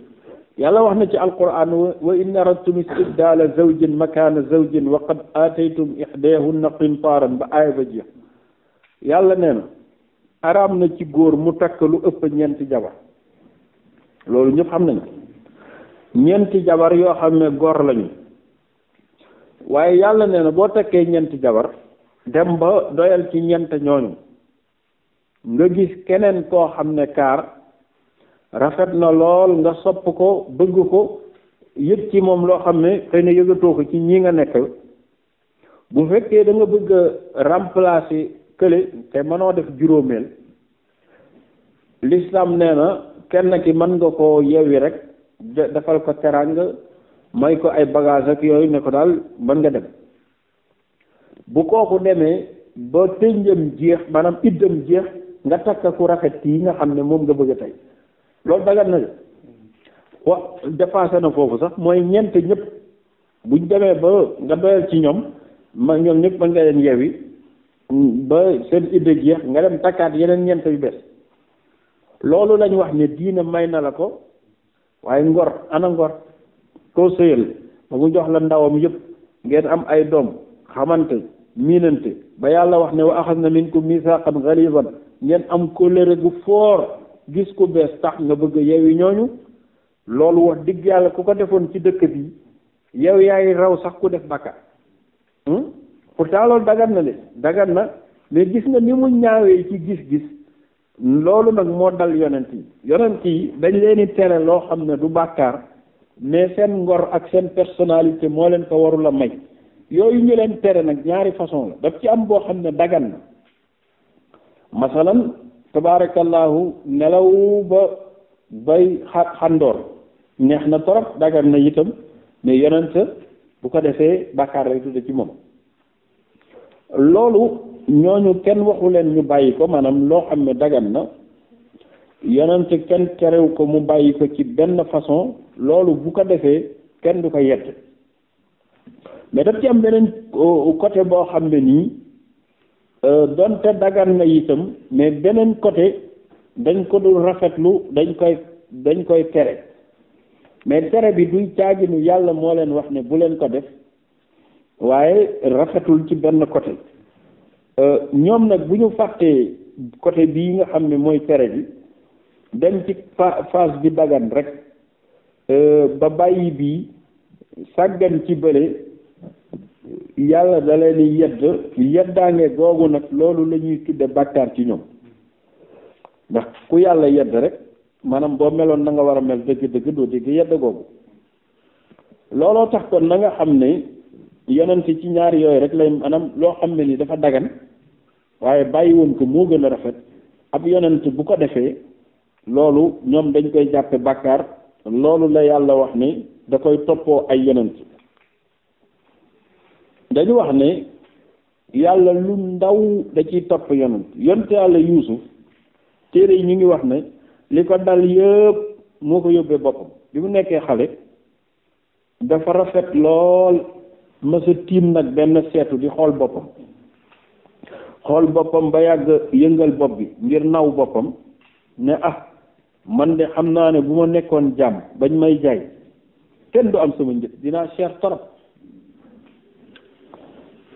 yàlla wax na ci alquran wa in aradtum istibdala zawjin makana zawjin wa qad ataytum ihdahunna qintaran ba aaya ba jeex yàlla nee na araam na ci góor mu takk lu ëpp ñeenti jabar loolu ñëpp xam nañ ñeenti jabar yoo xam ne góor lañu waaye yàlla nee na boo takkee ñeenti jabar dem ba doyal ci ñeent ñooñu nga gis keneen koo xam ne kaar rafet na lool nga sopp ko bëgg ko yëg ci moom loo xam ne xëy na yëgatoo ko ci ñi nga nekk bu fekkee da bëgg a remplacer kële te mënoo def juróomeel l'islam nee na kenn ki mën nga ko yewwi rek defal ko teraanga may ko ay bagage ak yooyu ne ko daal mën nga dem bu kooku demee ba tënjam jeex maanaam iddam jeex nga takk ku rafet yi nga xam ne moom nga bëgg a tey loolu dagan na wa dépassé na foofu sax mooy ñent ñëpp buñ demee ba nga doyal ci ñoom ma ñoom ñëpp mën nga leen yeewi ba seen idée jeex nga dem takkaat yeneen ñent yu bees loolu lañ wax ni diine may na la ko waaye ngor ana ngor koo sëyal ba mu jox la ndawam yëpp ngeen am ay doom xamante miinante ba yàlla wax ne wa axas na minkum misaaqan galizan ngeen am kóllëre gu foor gis ku bees tax nga bëgg yeewi ñooñu loolu wax dëgg yàlla ku ko defoon ci dëkk bi yow yaay raw sax ku def bakka hmm? pourtant loolu dagan na de dagan na mais gis na ni mu ñaawee ci gis-gis loolu nag moo dal yonent yi yonent yi dañ leen di tere loo xam ne du bàkkaar mais seen ngor ak seen personnalité moo leen ko warul a may yooyu ñu leen tere nag ñaari façon la daf ci am boo xam ne daggan na masalan tabarakallahu nelaw ba bay xa xandoor neex na torop dagan na itam mais yonent bu ko defee bàkkaar lay tudde ci moom loolu ñooñu kenn waxu leen ñu bàyyi ko maanaam loo xam ne dagan na yonent kenn terew ko mu bàyyi ko ci benn façon loolu bu ko defee kenn du ko yedd mais daf ci am beneen euh, côté boo xam ne nii Euh, donte dagan na itam mais beneen côté dañ ko dul rafetlu dañ koy dañ koy tere mais tere bi duy caaginu yàlla moo leen wax ne bu leen ko def waaye rafetul ci benn côté euh, ñoom nag bu ñu fàttee côté bii nga xam ne mooy tere bi dem ci phase bi dagan rek euh, ba bàyyi bii sàggan ci bële yàlla da ni di yedd yeddaange googu nag loolu la ñuy tudde bàkkaar ci ñoom ndax ku yàlla yedd rek maanaam boo meloon na nga war a mel dëgg-dëgg doo dégg yedd googu looloo tax kon na nga xam ne yonent ci ñaar yooyu rek lay maanaam loo xam ne nii dafa dagan waaye bàyyi woon ko moo gën a rafet ab yonent bu ko defee loolu ñoom dañ koy jàppe bàkkaar loolu la yàlla wax ni da koy toppoo ay yonent dañu wax ne yàlla lu ndaw da ciy topp yonent yonent yàlla yuusuf téere yi ñu ngi wax ne li ko dal yëpp moo ko yóbbee boppam bi mu nekkee xale dafa rafet lool mësa tiim nag benn seetu di xool boppam xool boppam ba yàgg yëngal bopp bi ngir naw boppam ne ah man de xam naa ne bu ma nekkoon jàmm bañ may jaay kenn du am sama njëg dinaa cher torop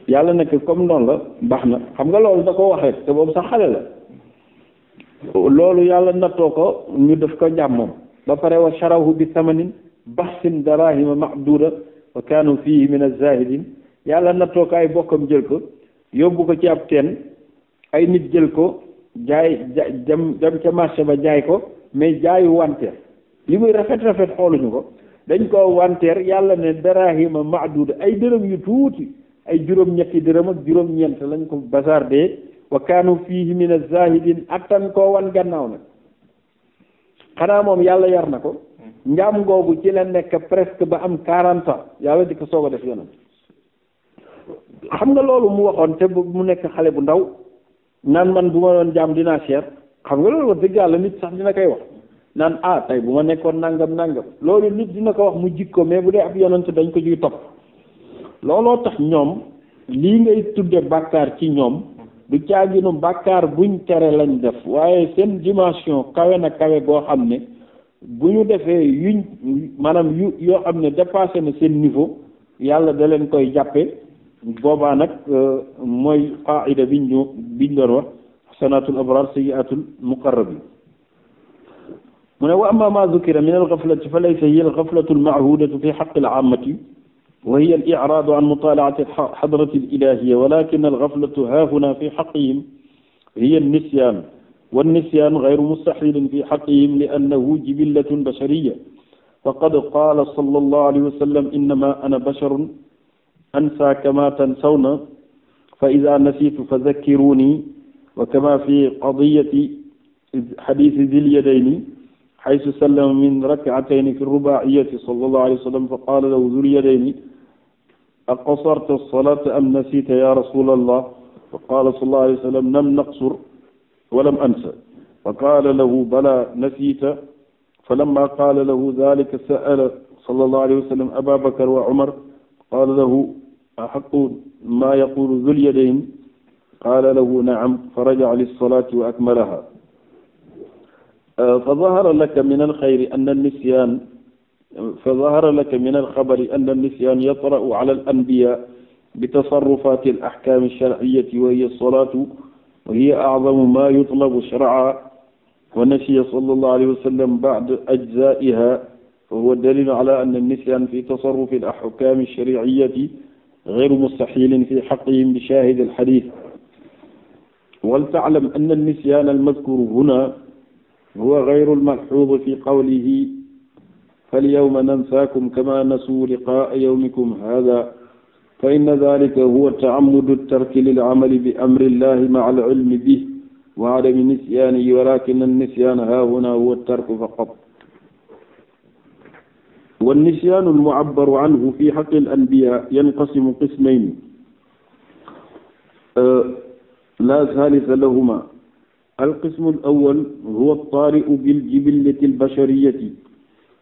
yàlla nekk comme noonu la baax na xam nga loolu da ko wax rek te boobu sax xale la loolu yàlla nattoo ko ñu def ko jàmmoom ba pare wa sharahu bi samanin baxsin darahima mahduda wa kaanu fihi min azahidin yàlla nattoo ko ay bokkam jël ko yóbbu ko ci ab teen ay nit jël ko jaay jam jam ca marché ba jaay ko mais jaayu wanteer li muy rafet rafet xooluñu ko dañ ko wanteer yàlla ne darahima mahduda ay dërëm yu tuuti ay juróom-ñetti dërëm ak juróom-ñeent lañ ko bazardee wa kaanu fiihi min azahidin attan koo wan gannaaw nag xanaa moom yàlla yar na ko njaam googu ci la nekk presque ba am quarante ans yàlla di ko soog a def yonent xam nga loolu mu waxoon te mu nekk xale bu ndaw naan man bu ma doon jaam dinaa seer xam nga loolu wax dëgg yàlla nit sax dina koy wax naan a ah, tey bu ma nekkoon nangam nangam loolu nit dina ko wax mu jikko mais bu dee ab yonent dañ ko ciy topp looloo tax ñoom lii ngay tudde bàkkaar ci ñoom du caaginu bàkkaar buñ tere lañ def waaye seen dimension kawe na kawe boo xam ne bu ñu defee yuñ maanaam yu yoo xam ne dépassé na seen niveau yàlla da leen koy jàppe boobaa nag euh, mooy qaida biñ ñu biñ doon wax xasanatul abraar sayiatul muqarrabin mu ne wa amma ma zukira min al gaflati fa laysa hiya al gaflatu al maahudatu fi xaqi al aamati wa hiya al iraadu an mutaala'ati xadrati al ilahiya walakin al gaflatu haahuna fi xaqihim hiya an nisyaan wan nisyaan gayru mustaxilin fi xaqihim li annahu jibillatun bashariya faqad qaala sallallahu alayhi wa sallam innama ana basharun ansa kama tansawna fa ida nasitu fa zakkiruni wa kama fi qadiyati xadiisi zil yadayni xaysu sallama min rakcatayni fi rubaaciyati sallallahu alayhi wa sallam fa qaala lahu zul yadayni أقصرت الصلاة أم نسيت يا رسول الله فقال صلى الله عليه وسلم لم نقصر ولم أنس فقال له بلى نسيت فلما قال له ذلك سأل صلى الله عليه وسلم أبا بكر وعمر قال له أحق ما يقول ذو اليدين قال له نعم فرجع للصلاة وأكملها فظهر لك من الخير أن النسيان fa zahara laka min alxabari anna nisyan yatra'u ala alanbiya bi tasarrufati alaxkaami alsharciyati wa hiya alsalaatu wa hiya acdamu ma yutlabu sharca wa nasiya sallallahu alayhi wa sallam bacda ajzaiha fa huwa dalil ala anna nisyan fi tasarrufi alaxkaami alsharciyati gayru mustaxilin fi xaqihim bi shaahidi alxadiis ولتعلم أن النسيان المذكور هنا هو غير الملحوظ في قوله فاليوم ننساكم كما نسوا لقاء يومكم هذا فإن ذلك هو تعمد الترك للعمل بأمر الله مع العلم به وعدم نسيانه ولكن النسيان هاهنا هو الترك فقط والنسيان المعبر عنه في حق الأنبياء ينقسم قسمين لا ثالث لهما القسم الأول هو الطارئ بالجبلة البشرية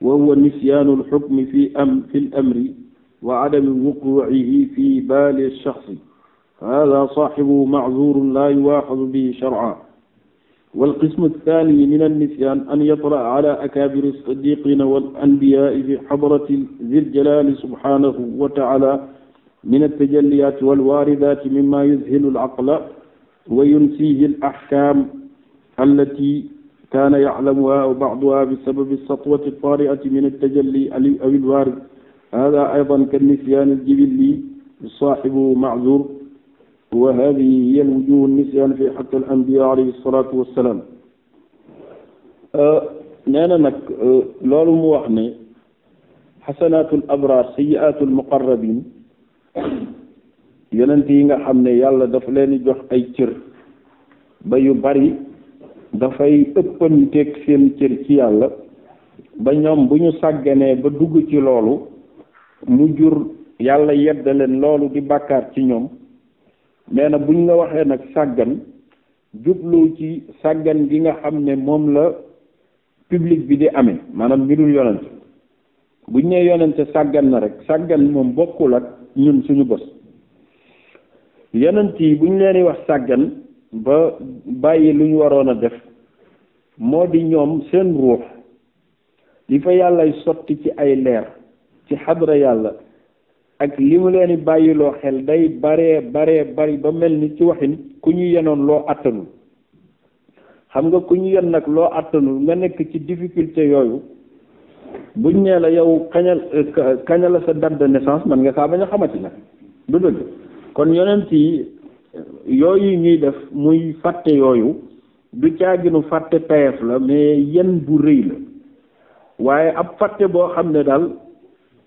wa huwa nisyaanu alxukmi fi am fi lamri wa adami wuquucihi fi baali alshaxsi hada saaxibuhu maczuurun laa yuwaaxazu bihi sharcan والقسم الثاني من النسيان أن يطلع على أكابر الصديقين والأنبياء في حضرة ذي الجلال سبحانه وتعالى من التجليات والواردات مما يذهل العقل وينسيه الأحكام التي kaana yaclamuha aw bacduha bisababi satwati tariati min altajalli aw ilwaari hada aydan ka nisyan aljibilli saaxibu maczur wa hadihi hiya alwujuh nisyan fi xaq alambiya alayhi salatu wassalaam nee na nag loolu mu wax ne xasanaatul abraar sayyiaatul muqarrabiin yonent yi nga xam ne yàlla daf leen jox ay cër ba yu bari dafay ëppanteeg seen cër ci yàlla ba ñoom bu ñu sàgganee ba dugg ci loolu mu jur yàlla yedd leen loolu di bàkkaar ci ñoom nee na buñ nga waxee nag sàggan jublu ci sàggan gi nga xam ne moom la public bi di amee maanaam mbirul yonent buñ nee yonent sàggan na rek sàggan moom bokkul ak ñun suñu bës yonent yi buñ leen wax sàggan ba bàyyi lu ñu waroon a def moo di ñoom seen ruux li fa yàllay sotti ci ay leer ci xadra yàlla ak li mu leen bàyyiloo xel day baree baree bari ba mel ni ci waxin ku ñu yenoon loo àttanul xam nga ku ñu yen nag loo àttanul nga nekk ci difficulté yooyu buñ nee la yow kañal kañala sa date naissance man nga kaa bañ a xamati nag du dëgg kon yonent yi yooyu ñuy def muy fàtte yooyu du caaginu fàtte tayef la mais yenn bu rëy la waaye ab fàtte boo xam ne daal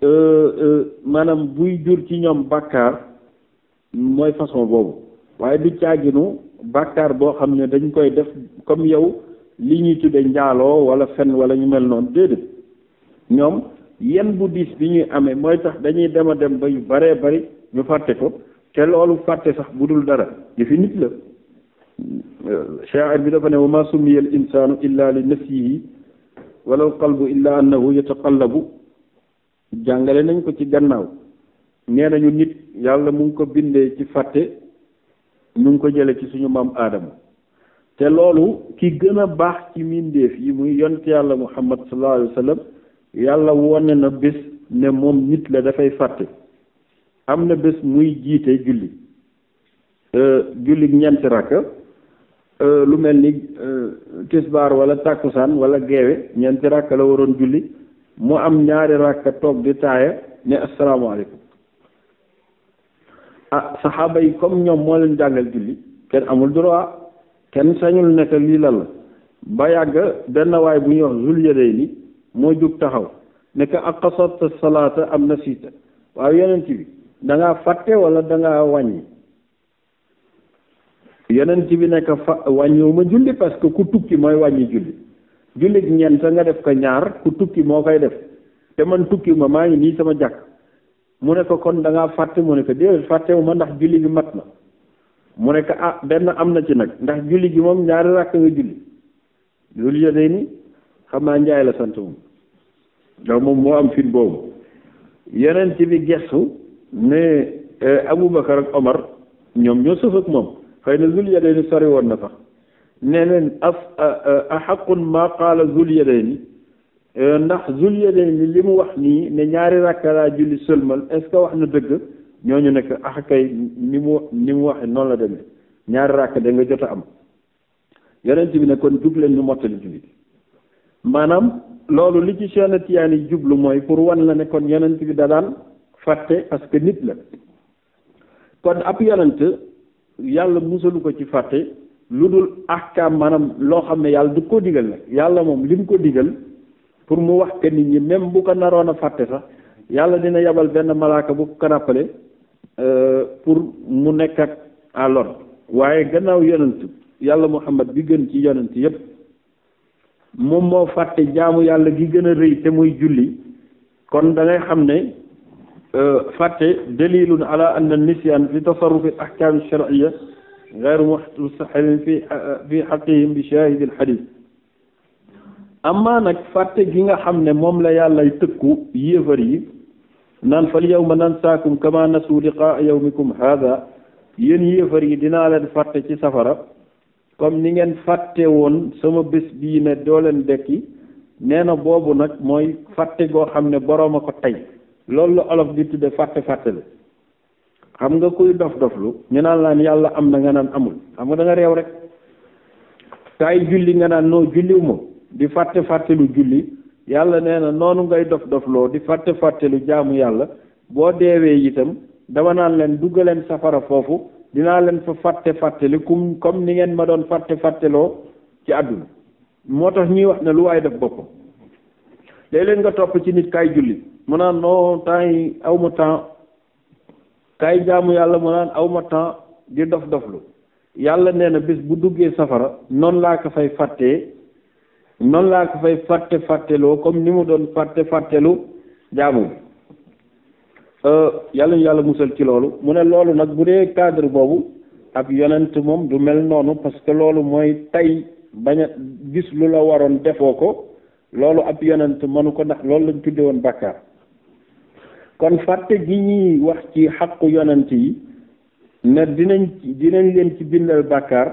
euh, euh, maanaam buy jur ci ñoom bàkkaar mooy façon boobu waaye du caaginu bàkkaar boo xam ne dañ koy def comme yow li ñuy tudde njaaloo wala fen wala ñu mel noonu déedéet ñoom yenn bu diis bi ñuy amee mooy tax dañuy dem a dem ba yu baree bari ñu fàtte ko te loolu fàtte sax bu dul dara yëfi nit la shaa'ir bi dafa ne wa ma al insaanu illa li nafsihi wala al qalbu illa annahu yataqallabu jàngale nañ ko ci gannaaw nee nañu nit yàlla mu ngi ko bindee ci fàtte ñu ngi ko jële ci suñu maam aadama te loolu ki gën a baax ci mindeef yi muy yont yàlla muhammad sallallahu alayhi wa sallam yàlla wone na bés ne moom nit la dafay fàtte am na bés muy jiite julli euh, julli ñeenti rakka euh, lu mel ni euh, tisbaar wala takkusaan wala geewe ñeenti rakka la waroon julli mu am ñaari rakka toog di taaya ne asalaamaaleykum ah saxaaba yi comme ñoom moo leen jàngal julli kenn amul droit kenn sañul nekk lii lan ba yàgg benn waay bu ñuy wax zul yadayni moo jóg taxaw ne ko aqasarta salaata am nasiita waaye yonent bi da ngaa fàtte wala da ngaa wàññi yonent bi nekk fa wàññiwuma julli parce que ku tukki mooy wàññi julli julli ñeent nga def ko ñaar ku tukki moo koy def te man tukki ma maa ngi nii sama jàkk mu ne ko kon da ngaa fàtte mu ne déedéet fàttewu ma ndax julli gi mat na mu ne ko ah benn am na ci nag ndax julli gi moom ñaari ràkk nga julli loolu yone ni xam naa njaay la sant moom ndax moom moo am fit boobu ci bi gestu mais eh, Aboubacar ak Omar ñoom ñoo sëf ak moom xëy na zul yadayni sori woon na sax nee leen af axaqun ma qaala zul yadayni eh, ndax zul yadayni li mu wax nii ne ñaari rakka laa julli sëlmal est-ce wax na dëgg ñoo ñu nekk ax ah, kay ni mu ni mu waxee noonu la demee ñaari rakk da nga jot a am yonent bi ne kon jub ñu mottali julli maanaam loolu li ci Cheikh Tidiane jublu mooy pour wan la ne kon yonent bi da fàtte parce que nit la kon ab yonent yàlla musalu ko ci fàtte lu dul ahkaam maanaam loo xam ne yàlla du ko digal nag yàlla moom lim ko digal pour mu wax que nit ñi même bu ko naroon a fàtte sax yàlla dina yabal benn malaaka bu kanappale rappelé euh, pour mu nekkat ak waaye gannaaw yonent yàlla muhammad bi gën ci yonent yépp moom moo fàtte jaamu yàlla gi gën a rëy te muy julli kon da xam ne Euh, fàtte dalilun ala anna nisyan fi tasarrufi al ahkam shar'iyya ghayru mustahalin fi fi haqqihim bi shahid al hadith nag fàtte gi nga xam ne moom la yàllay tëkku yéefar yi naan fal yawma nansaakum kama nasu liqaa yawmikum hada yéen yéefar yi dinaa leen fàtte ci safara comme ni ngeen fàtte woon sama bés bii ne doo leen dekki nee na boobu nag mooy fàtte goo xam ne boroom a ko tey loolu la olof di tudde fàtte fàttali xam nga kuy dof doflu ñu naan laan yàlla am na nga naan amul xam nga danga nga rek tay julli nga naan noo julliw ma di fàtte fàttelu julli yàlla nee na noonu ngay dof dofloo di fàtte fàttelu jaamu yàlla boo deewee itam dama naan leen dugga leen safara foofu dinaa leen fa fàtte fàtteli kum comme ni ngeen ma doon fàtte fàtteloo ci àdduna moo tax ñuy wax ne lu waay def boppam léeg-léeg nga topp ci nit kaay mu naan non temps yi aw ma temps kaay jaamu yàlla mu naan aw ma di dof doflu yàlla nee na bis bu duggee safara noonu laa ko fay fàttee noonu laa ko fay fàtte comme ni mu doon fàtte fàttelu jaamu bi euh, yàlla ñu yàlla ci loolu mu ne loolu nag bu dee cadre boobu ab yonent moom du mel noonu parce que loolu mooy tey bañ a gis lu la waroon defoo ko loolu ab yonent mënu ko ndax loolu lañ tudde woon bàkkaar kon fàtte gi ñuy wax ci xaqu yonent yi ne dinañ dinañ leen ci bindal bàkkaar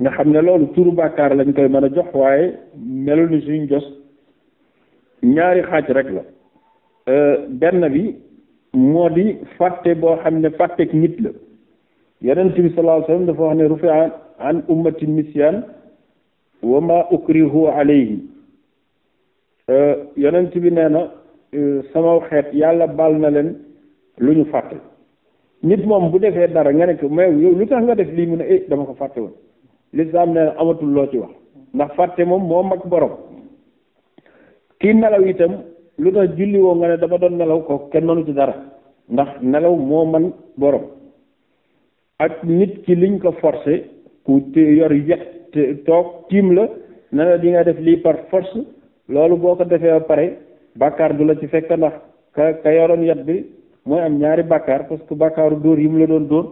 nga xam ne loolu turu bàkkaar lañ koy mën a jox waaye melu ni suñ jos ñaari xaaj rek la euh, benn bi moo di fàtte boo xam ne fàttek nit la yonent bi sallallahu wax ne rufi an ummati nisyan wa ma ukrihu alayhi euh, yonent bi nee na Euh, sama xeet yàlla baal na leen lu ñu fàtte nit moom bu defee dara nga ne ko mais yow lu tax nga def lii mu ne eh dama ko fàtte woon lislaam am na amatul loo ci wax ndax fàtte moom moo mag borom kii nelaw itam lu tax julli woo nga ne dama doon nelaw ko kenn mënu ci dara ndax nelaw moo man borom ak nit ki liñ ko forcé ku te yor yet toog tiim la ne la di def lii par force loolu boo ko defee pare bàkkaar du la ci fekk ndax ka ka yoroon yat bi mooy am ñaari bàkkaar parce que bàkkaaru dóor yi mu la doon dóor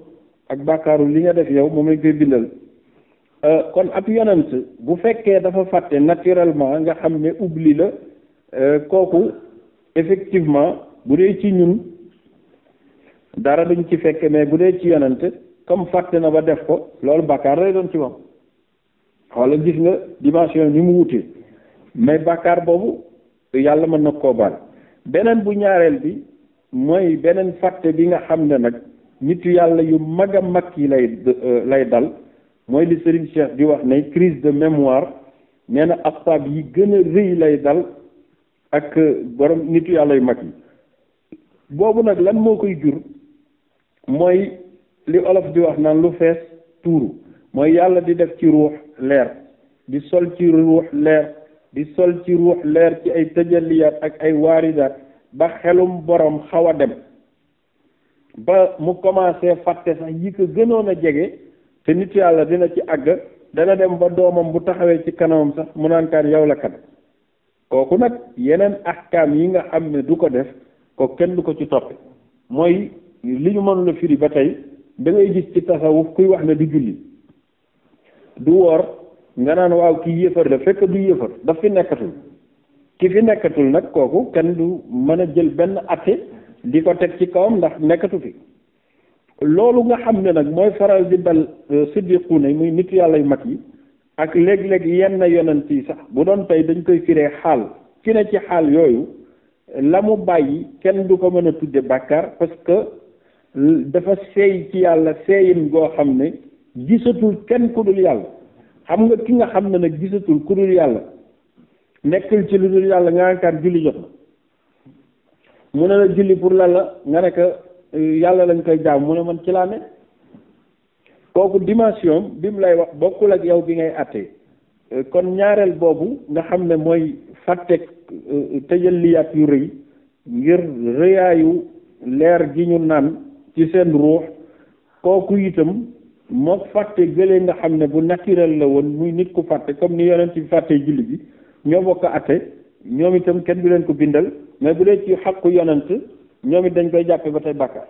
ak bàkkaaru li nga def yow moom lañ koy bindal euh, kon ab yonent bu fekkee dafa fàtte naturellement nga xam ne ubli la euh, kooku effectivement bu dee ci ñun dara duñ ci fekke mais bu dee ci yonent comme fàtte na ba def ko loolu bàkkaar lay doon ci moom xoolal gis nga dimension ni mu wutee mais bàkkaar boobu yàlla mën na koo baal beneen bu ñaareel bi mooy beneen fàtte bi nga xam ne nag nitu yàlla yu mag a mag yi lay euh, lay dal mooy li Serigne Cheikh di wax ne crise de mémoire nee na astaab yi gën a rëy lay dal ak euh, borom nit yàlla yu mag yi boobu nag lan moo koy jur mooy li olof di wax naan lu fees tuuru mooy yàlla di def ci ruux leer di sol ci ruux leer di sol ci ruux leer ci ay tëjalliyaat ak ay waaridaat ba xelum borom xaw a dem ba mu commencé fàtte sax yi ko gënoon a jege te nit yàlla dina ci àgg dana dem ba doomam bu taxawee ci kanamam sax mu naan yow la kat kooku nag yeneen ahkaam yi nga xam ne du ko def ko kenn du ko ci toppe mooy li ñu mënul firi ba tey da gis ci tasawuf kuy wax ne di julli du woor nga naan waaw kii yéefar la fekk du yéefar daf fi nekkatul ki fi nekkatul nag kooku kenn du mën a jël benn atte di ko teg ci kawam ndax nekkatu fi loolu nga xam ne nag mooy faral di dal euh, siddiquuna muy nit yàlla yu mag yi ak léeg-léeg yenn yonent yi sax bu doon tey dañ koy firee xaal ki ne ci xaal yooyu la mu bàyyi kenn du ko mën a tudde bàkkaar parce que dafa seey ci yàlla seeyin goo xam ne gisatul kenn ku dul yàlla xam nga ki nga xam ne nag gisatul ku dul yàlla nekkul ci lu dul yàlla nga yaakaar julli jot na mu ne la julli pour lan la nga ne euh, yàlla lañ koy jaam mu ne man ci laa ne kooku dimension bi mu lay wax bokkul ak yow bi ngay àttee euh, kon ñaareel boobu nga xam ne mooy fàtteeg euh, tëjalliyaat yu rëy ngir rëyaayu leer gi ñu naan ci seen ruux kooku itam moo fàtte gëlee nga xam ne bu naturel la mu muy nit ku fàtte comme ni yonent bi fàtte julli bi ñoo bokk atte ñoom itam kenn du leen ko bindal mais bu dee ci xàqu yonent ñoom it dañ koy jàppe ba tey bàkkaar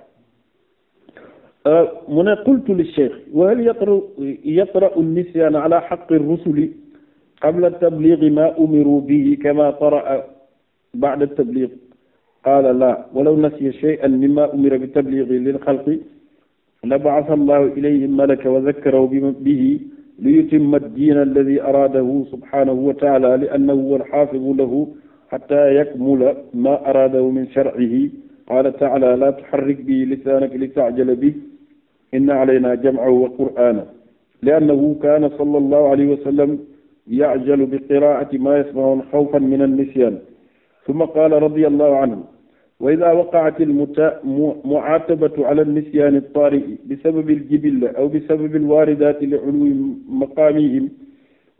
euh, mu ne qultu li cheikh wa hal yatra yatrau nisyan ala xaqi rusuli qabla tabligi ma umiru bihi kama taraa bada tabliig qaala la walaw nasiya cheyan mima umira bi tabligi lil xalqi la baasa allahu ilayhim malaka wa zakkaraw bihi liyutimma diina alladi araadahu subhanahu wa taala li annahu huwa alxaafidu lahu xatta yakmula ma araadahu min sharcihi qaala taala la tuxarrik bihi lisaanaka li taajala bih inna alayna jamcahu wa qur'aana li annahu kaana sallallahu alayhi wa sallam yacjalu bi qiraati ma yasmacuun xawfan min annisyaan summa qaala radiyallahu anhu wa ida waqaat almucaatabatu ala nisyaani altaari'i bisababi aljibilla aw bisababi alwaaridaati li culuwi maqaamihim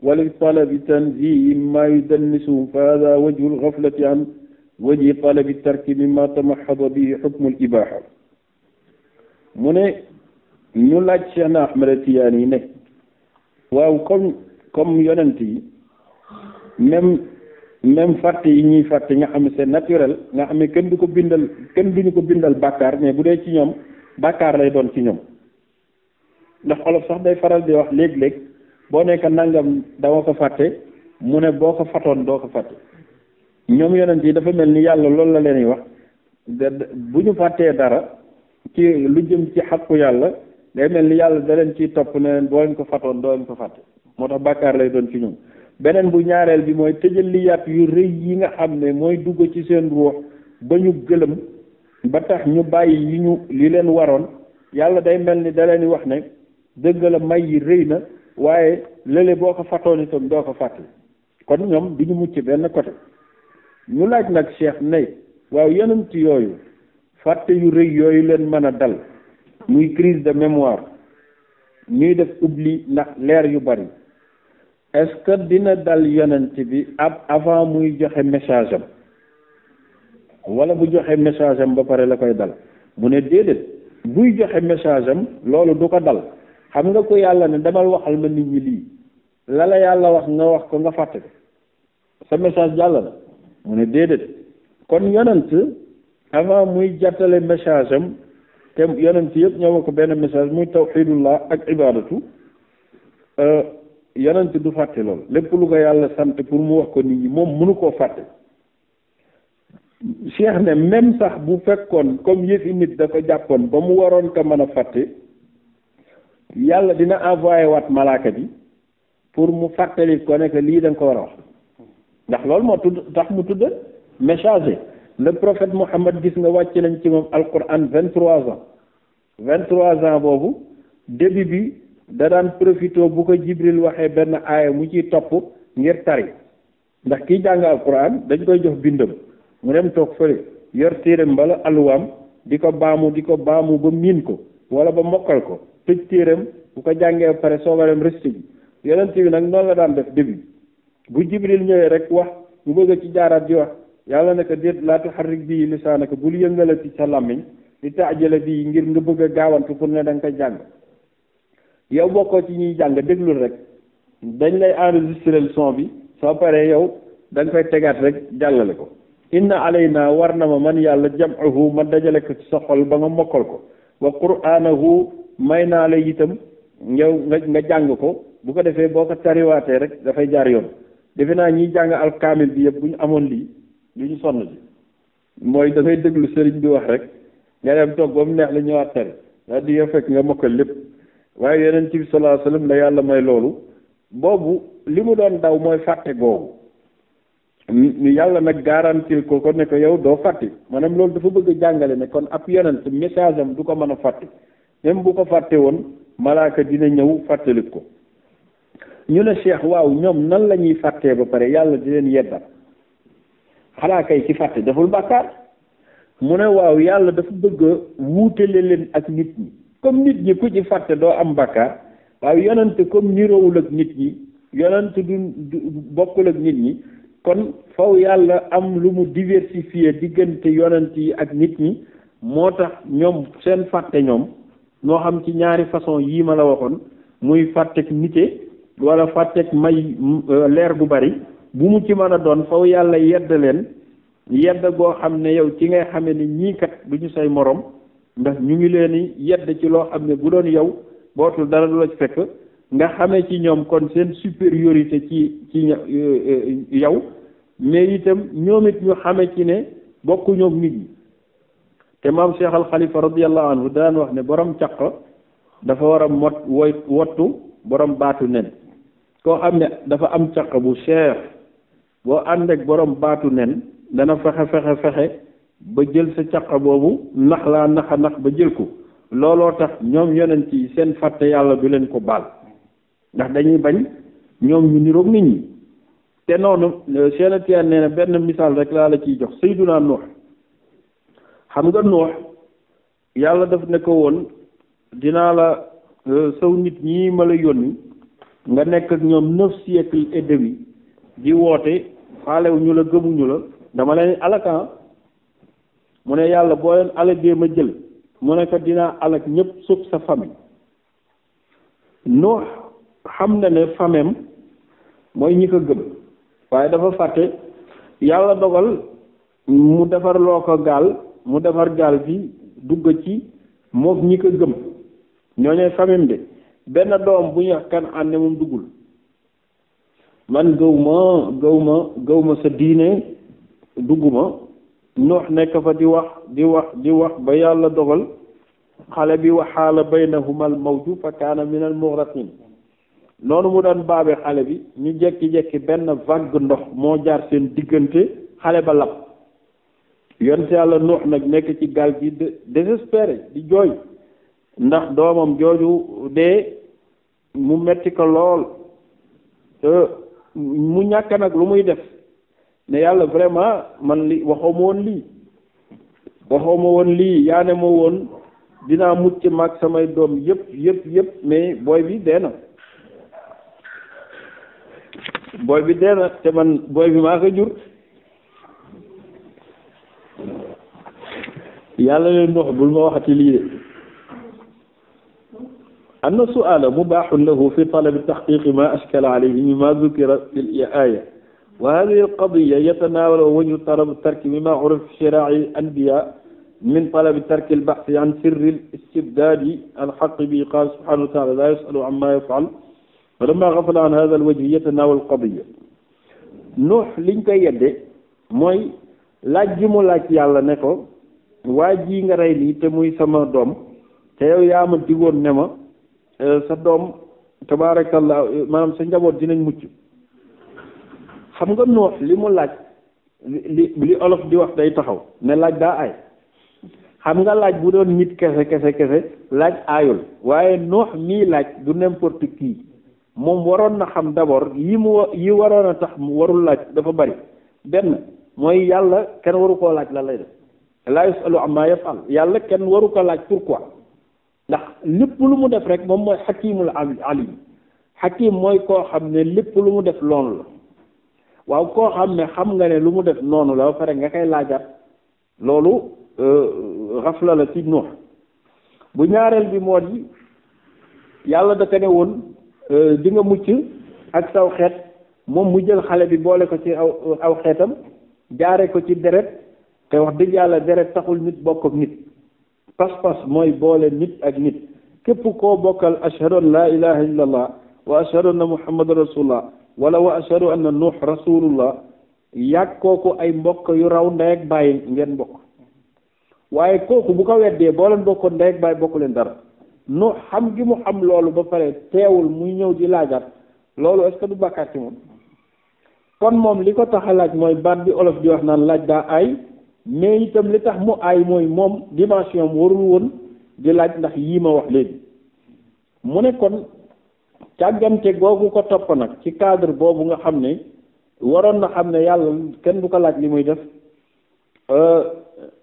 wala talabi tanzihihim maa yudannisuhum fa hada wajhu algaflati an wajhi talabi tarki mimma tamaxada bihi xukmu alibaaxa mu ne ñu laaj Cheikh Ahmed Tidiane yi ne waaw comme comme yonent yi même même fàtte yi ñuy fàtte nga am ne c'est naturel nga xam ne kenn du ko bindal kenn duñu ko bindal bàkkaar mais bu dee ci ñoom bàkkaar lay doon ci ñoom ndax olof sax day faral di wax léeg-léeg boo nekk nangam dama ko fàtte mu ne boo ko fatoon doo ko fàtte ñoom yonent yi dafa mel ni yàlla loolu la leen wax bu ñu fàttee dara ci lu jëm ci xàqu yàlla day mel ni yàlla da leen ciy topp ne leen boo ko fatoon doo leen ko fàtte moo tax bàkkaar lay doon ci ñoom beneen bu ñaareel bi mooy tëjalliyaat yu rëy yi nga xam ne mooy dugg ci seen ruux ba ñu gëlëm ba tax ñu bàyyi yi ñu li leen waroon yàlla day mel ni daleen leen wax ne dëgg la may yi rëy na waaye lële boo ko fatoon itam doo ko fàtte kon ñoom du ñu mucc benn côté ñu laaj nag cheikh nay waaw yonent yooyu fàtte yu rëy yooyu leen mën a dal muy crise de mémoire ñuy def oubli ndax leer yu bari est-ce que dina dal yonent bi ab avant muy joxe message am wala bu joxe message am ba pare la koy dal mu ne déedéet buy joxe message am loolu du ko dal xam nga ko yàlla ne demal waxal ma nit ñi lii la la yàlla wax nga wax ko nga fàtte sa message jàll mu ne déedéet kon yonent avant muy jàttale message am te yonent yëpp ñoo ko benn message muy tawxidullah ak ibadatu euh, yeneen yonent du fàtte loolu lépp lu ko yàlla sant pour mu wax ko nit ñi moom munu koo fàtte cheikh ne même sax bu fekkoon comme yëfi nit da ko jàppoon ba mu waroon ko mën a fàtte yàlla dina envoyé waat malaaka bi pour mu fàttali ko nekk lii da ko war a wax ndax loolu moo tudd tax mu tudd messager le prophète Muhammad gis nga wàcc nañ ci moom alquran vingt trois ans vingt trois ans boobu début bi da daan profito bu ko jibril waxee benn aaya mu ciy topp ngir tari ndax ki jàng alquran dañ koy jox bindam mu dem toog fële yor téeram bala aluwaam di ko baamu di ko baamu ba miin ko wala ba mokkal ko tëj téeram bu ko jàngee ba pare sooga dem rëst bi yonent bi nag noonu la daan def début bu jibril ñëwee rek wax mu bëgg ci jaaraat ji wax yàlla ne ko déet laa tuharrik bii lisaanaka bul yëngalati sa làmmiñ li taajala bii ngir nga bëgg a gaawantu pour ne da nga jàng yow bokkoo ci ñuy jàng déglul rek dañ lay enregistrer bi soo paree yow da nga koy tegaat rek jàllale ko inna naa war na ma man yàlla jam'ahu ma dajale ko ci sa xol ba nga mokkal ko wa qur'aanahu may naa la itam yow nga nga jàng ko bu ko defee boo ko tariwaatee rek dafay jaar yoon defe naa ñiy jàng alkaamil bi yëpp bu ñu amoon lii lu ñu sonn ji mooy da déglu sëriñ bi wax rek nga dem toog ba mu neex la ñëwaat tari daal di yow fekk nga mokkal lépp waaye yonent bi sallallahu alayhi wasallam la yàlla may loolu boobu li mu doon daw mooy fàtte googu yàlla nag garantil ko ko ne yow doo fàtte maanaam loolu dafa bëgg jàngale ne kon ab yeneen message am du ko mën a fàtte même bu ko fàtte woon malaaka dina ñëw fàttalik ko ñu ne cheikh waaw ñoom nan lañuy ñuy ba pare yàlla di leen yeddal xanaa kay ci fàtte deful bàkkaar mu ne waaw yàlla dafa bëgg a leen ak nit ñi comme nit ñi ku ci fàtte doo am bakkaar waaye yonent comme niroowul ak nit ñi yonent du bokkul ak nit ñi kon faw yàlla am lu mu diversifier diggante yonent yi ak nit ñi moo tax ñoom seen fàtte ñoom noo xam ci ñaari façon yii ma la waxoon muy fàttek nite wala fàttek may euh, leer bu bari bu mu ci mën a doon faw yàlla yedd leen yedd goo xam ne yow ci ngay xame ni ñii kat du ñu say moroom ndax ñu ngi leen di yedd ci loo am ne bu doon yow bootul dara du la ci fekk nga xamee ci ñoom kon seen supériorité ci ci euh, euh, yow mais itam ñoom it ñu xamee ci ne bokku ñoom nit ñi te maam Cheikh Al Khalifa radiyallahu anhu daan wax ne borom caq dafa war a mot woy wottu borom baatu nen koo am ne dafa am caq bu cher boo ànd ak borom baatu nen dana fexe fexe fexe ba jël sa caqa boobu nax laa nax a nax ba jël ko looloo tax ñoom yonent yi seen fàtte yàlla du leen ko baal ndax dañuy bañ ñoom ñu niroog nit ñi te noonu euh, Cheikh Atiyan nee na benn misaal rek laa la ciy jox Seydunaa Nuux xam nga Nuux yàlla daf ne ko woon dinaa la euh, saw nit ñi ma la yónni nga nekk ñoom neuf siècles et di woote faalewu ñu la gëmuñu la dama leen alakan mu ne yàlla boo leen alagee ma jël mu ne ko dinaa alag ñëpp suuf sa famille noox xam na ne famem mooy ñi ko gëm waaye dafa fàtte yàlla dogal mu defarloo ko gaal mu defar gaal bi dugg ci mook ñi ko gëm ñooñee famem de benn doom bu ñu kan ànne moom duggul man gëw ma gëw sa diine dugguma nuux nekk fa di wax di wax di wax ba yàlla dogal xale bi waxaala na al mawju fa kaana min al mugraqin noonu mu daan baabe xale bi ñu jekki-jekki benn vague ndox moo jaar seen diggante xale ba lab yonte yàlla nuux nag nekk ci gaal gi désespéré di jooy ndax doomam jooju dee mu metti ko lool mu ñàkk nag lu muy def ne yàlla vraiment man li waxoo ma woon lii waxoo woon lii yaa ne ma woon dinaa mucc maag samay doom yépp yëpp yëpp mais booy bi dee na booy bi dee na te man booy bi maa ko jur yàlla leen nox bul ma waxati lii de anna su'ala mubaaxun lahu fi talabi taxqiqi ma ashkala alayhi mimma dukira fil aaya وهذه القضية يتناول وجه طلب ترك مما عرف شراعي الأنبياء من طلب ترك البحث عن سر الاستبداد الحق به قال سبحانه وتعالى لا يسأل عما يفعل فلما غفل عن هذا الوجه يتناول القضية nuux liñ koy yedde mooy laaj ji mu laaj yàlla ne ko waa ji nga rey lii te muy sama doom te yow yaa ma digoon ne ma sa doom tabaarakallah maanaam sa njaboot dinañ mucc xam nga noox li mu laaj li li olof di wax day taxaw ne laaj daa aay xam nga laaj bu doon nit kese kese kese laaj aayul waaye noox mii laaj du n'importe kii moom waroon na xam d'abord yi mu yi waroon a tax mu warul laaj dafa bari benn mooy yàlla kenn waru koo laaj la lay def laa yusalu amma yafal yàlla kenn waru ko laaj pourquoi ndax lépp lu mu def rek moom mooy xakimul alim xakim mooy koo xam ne lépp lu mu def loolu la waaw koo xam ne xam nga ne lu mu def noonu la ba pare nga koy laajaat loolu xafla euh, la ci nuux bu ñaareel bi moo di yàlla da ko ne woon euh, di nga mucc ak saw xeet moom mu jël xale bi boole ko ci aw aw xeetam jaare ko ci deret te wax dëgg yàlla deret taxul nit bokk ak nit pas-pas mooy boole nit ak nit képp koo bokkal ashhadu an laa ilaha illa allah wa ashhadu anna muhammadan rasulullah wala wa ashadu anna nuux rasulullah yàgg ko ay mbokk yu raw ndey ak bàyyi ngeen mbokk waaye kooku bu ko weddee boo leen bokkoon ndey ak bàyyi bokk leen dara nuux xam gi mu xam loolu ba pare teewul muy ñëw di laajar loolu ak ce que du bàkkaar ci moom kon moom li ko tax a laaj mooy baat bi olof di wax naan laaj daa aay mais itam li tax mu aay mooy moom dimension warul woon di laaj ndax yii ma wax léegi mu ne kon càggante googu ko topp nag ci cadre boobu nga xam ne waroon na xam ne yàlla kenn bu ko laaj li muy def euh,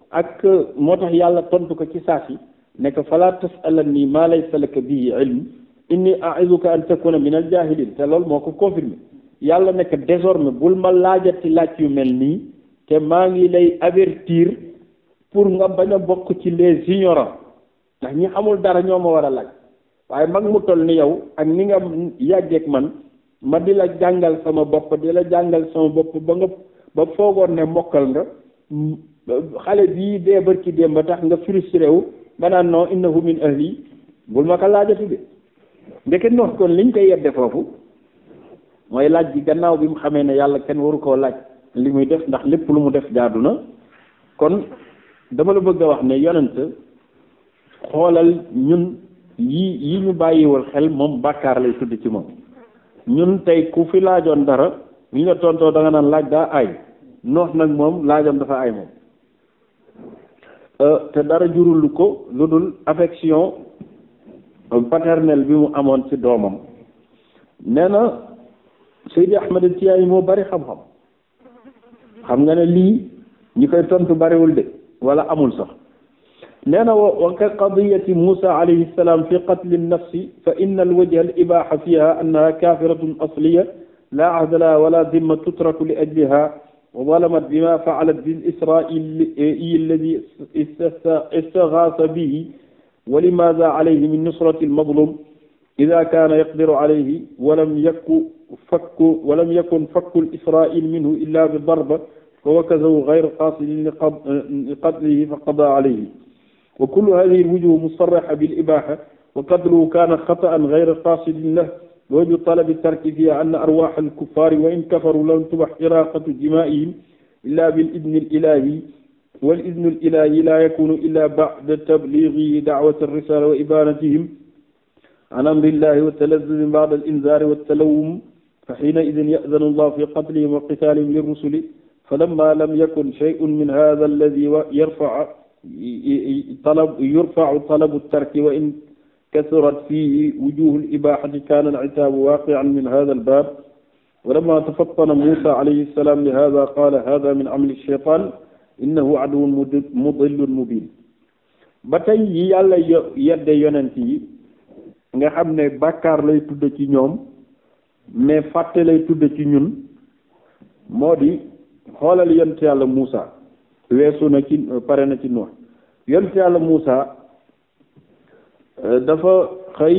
ak moo tax yàlla tontu ko ci saasi ne ko fala tasalanni ma laysa laka bihi ilm inni aizuka an takuna min al jahilin te loolu moo ko confirmé yàlla ne ko désormais bul ma laajati laaj yu mel nii te maa ngi lay avertir pour nga bañ a bokk ci les ignorants ndax ñi xamul dara ñoo ma war a laaj waaye mag mu toll ni yow ak ni nga yàggeek man ma di la jàngal sama bopp di la jàngal sama bopp ba nga ba foogoon ne mbokkal nga xale bii dee bërki démb ba tax nga frustré wu ba naan noo innahu min ahli bu ma ko laajati de ndeke noonu kon liñ koy yedde foofu mooy laaj bi gannaaw bi mu xamee ne yàlla kenn waru koo laaj li muy def ndax lépp lu mu def jaadu na kon dama la bëgg a wax ne yonent xoolal ñun yii yi ñu bàyyiwul xel moom bàkkaar lay tudd ci moom ñun tey ku fi laajoon dara ñu la tontoo da naan laaj daa ay noox nag moom laajoon dafa ay moom euh, te dara jurul ko lu dul affection euh, paternelle bi mu amoon ci doomam nee na Seydi Ahmed Tijaani moo bari xam-xam xam nga ne lii ñi koy tontu bariwul de wala amul sax nee na wa ka qadiyati Moussa alayhi salaam fi qatli nafsi fa inna alwajha al ibaha fiha annaha kafiratun asliya la ahda laha wala dimma tutraku li ajliha wa zalamat bima faalat bil israili eh, alladi istaxaasa bihi wa limaada alayhi min nusrati almazlum ida kaana yaqdiru alayhi walam yakku fakku walam yakun fakku israil minhu illa bi darba fa wakazahu gayra qasidin li qatlihi fa qada alayhi wa kullu hadihi alwujuh musarraha bilibaha wa qatluhu kana xataan gayra qasidin lah waju talabi tarki fiha anna arwaha alkuffari wa in kafaru lam tubax iraqatu jimaihim illa bil idni alilahi wal idnu alilahi la yakunu illa bada tabligi dawati alrisala wa ibanatihim an amrillahi wa talazzudi bada alinzari wattalawum fa xiina idin yazanu allah fi qatlihim wa qitalihim lirrusuli falamma lam yakun shay'un min hada alladi yarfaca talab yurfau talabu tarki wa in kasurat fihi wujuhu libahati kana alitaabu waaqian min hada albab wa lamma tafattana musa alayhi salaam li hada qala hada min amali shaytan innahu aduwun mudillun mubin ba tey yi yàlla yedde yonent yi nga xam ne bàkkaar lay tudd ci ñoom mais fàtte lay tudd ci ñun moo di xoolal yonent yàlla Muusa weesu na ci pare na ci Nuux yonent yàlla Muusa eh, dafa xëy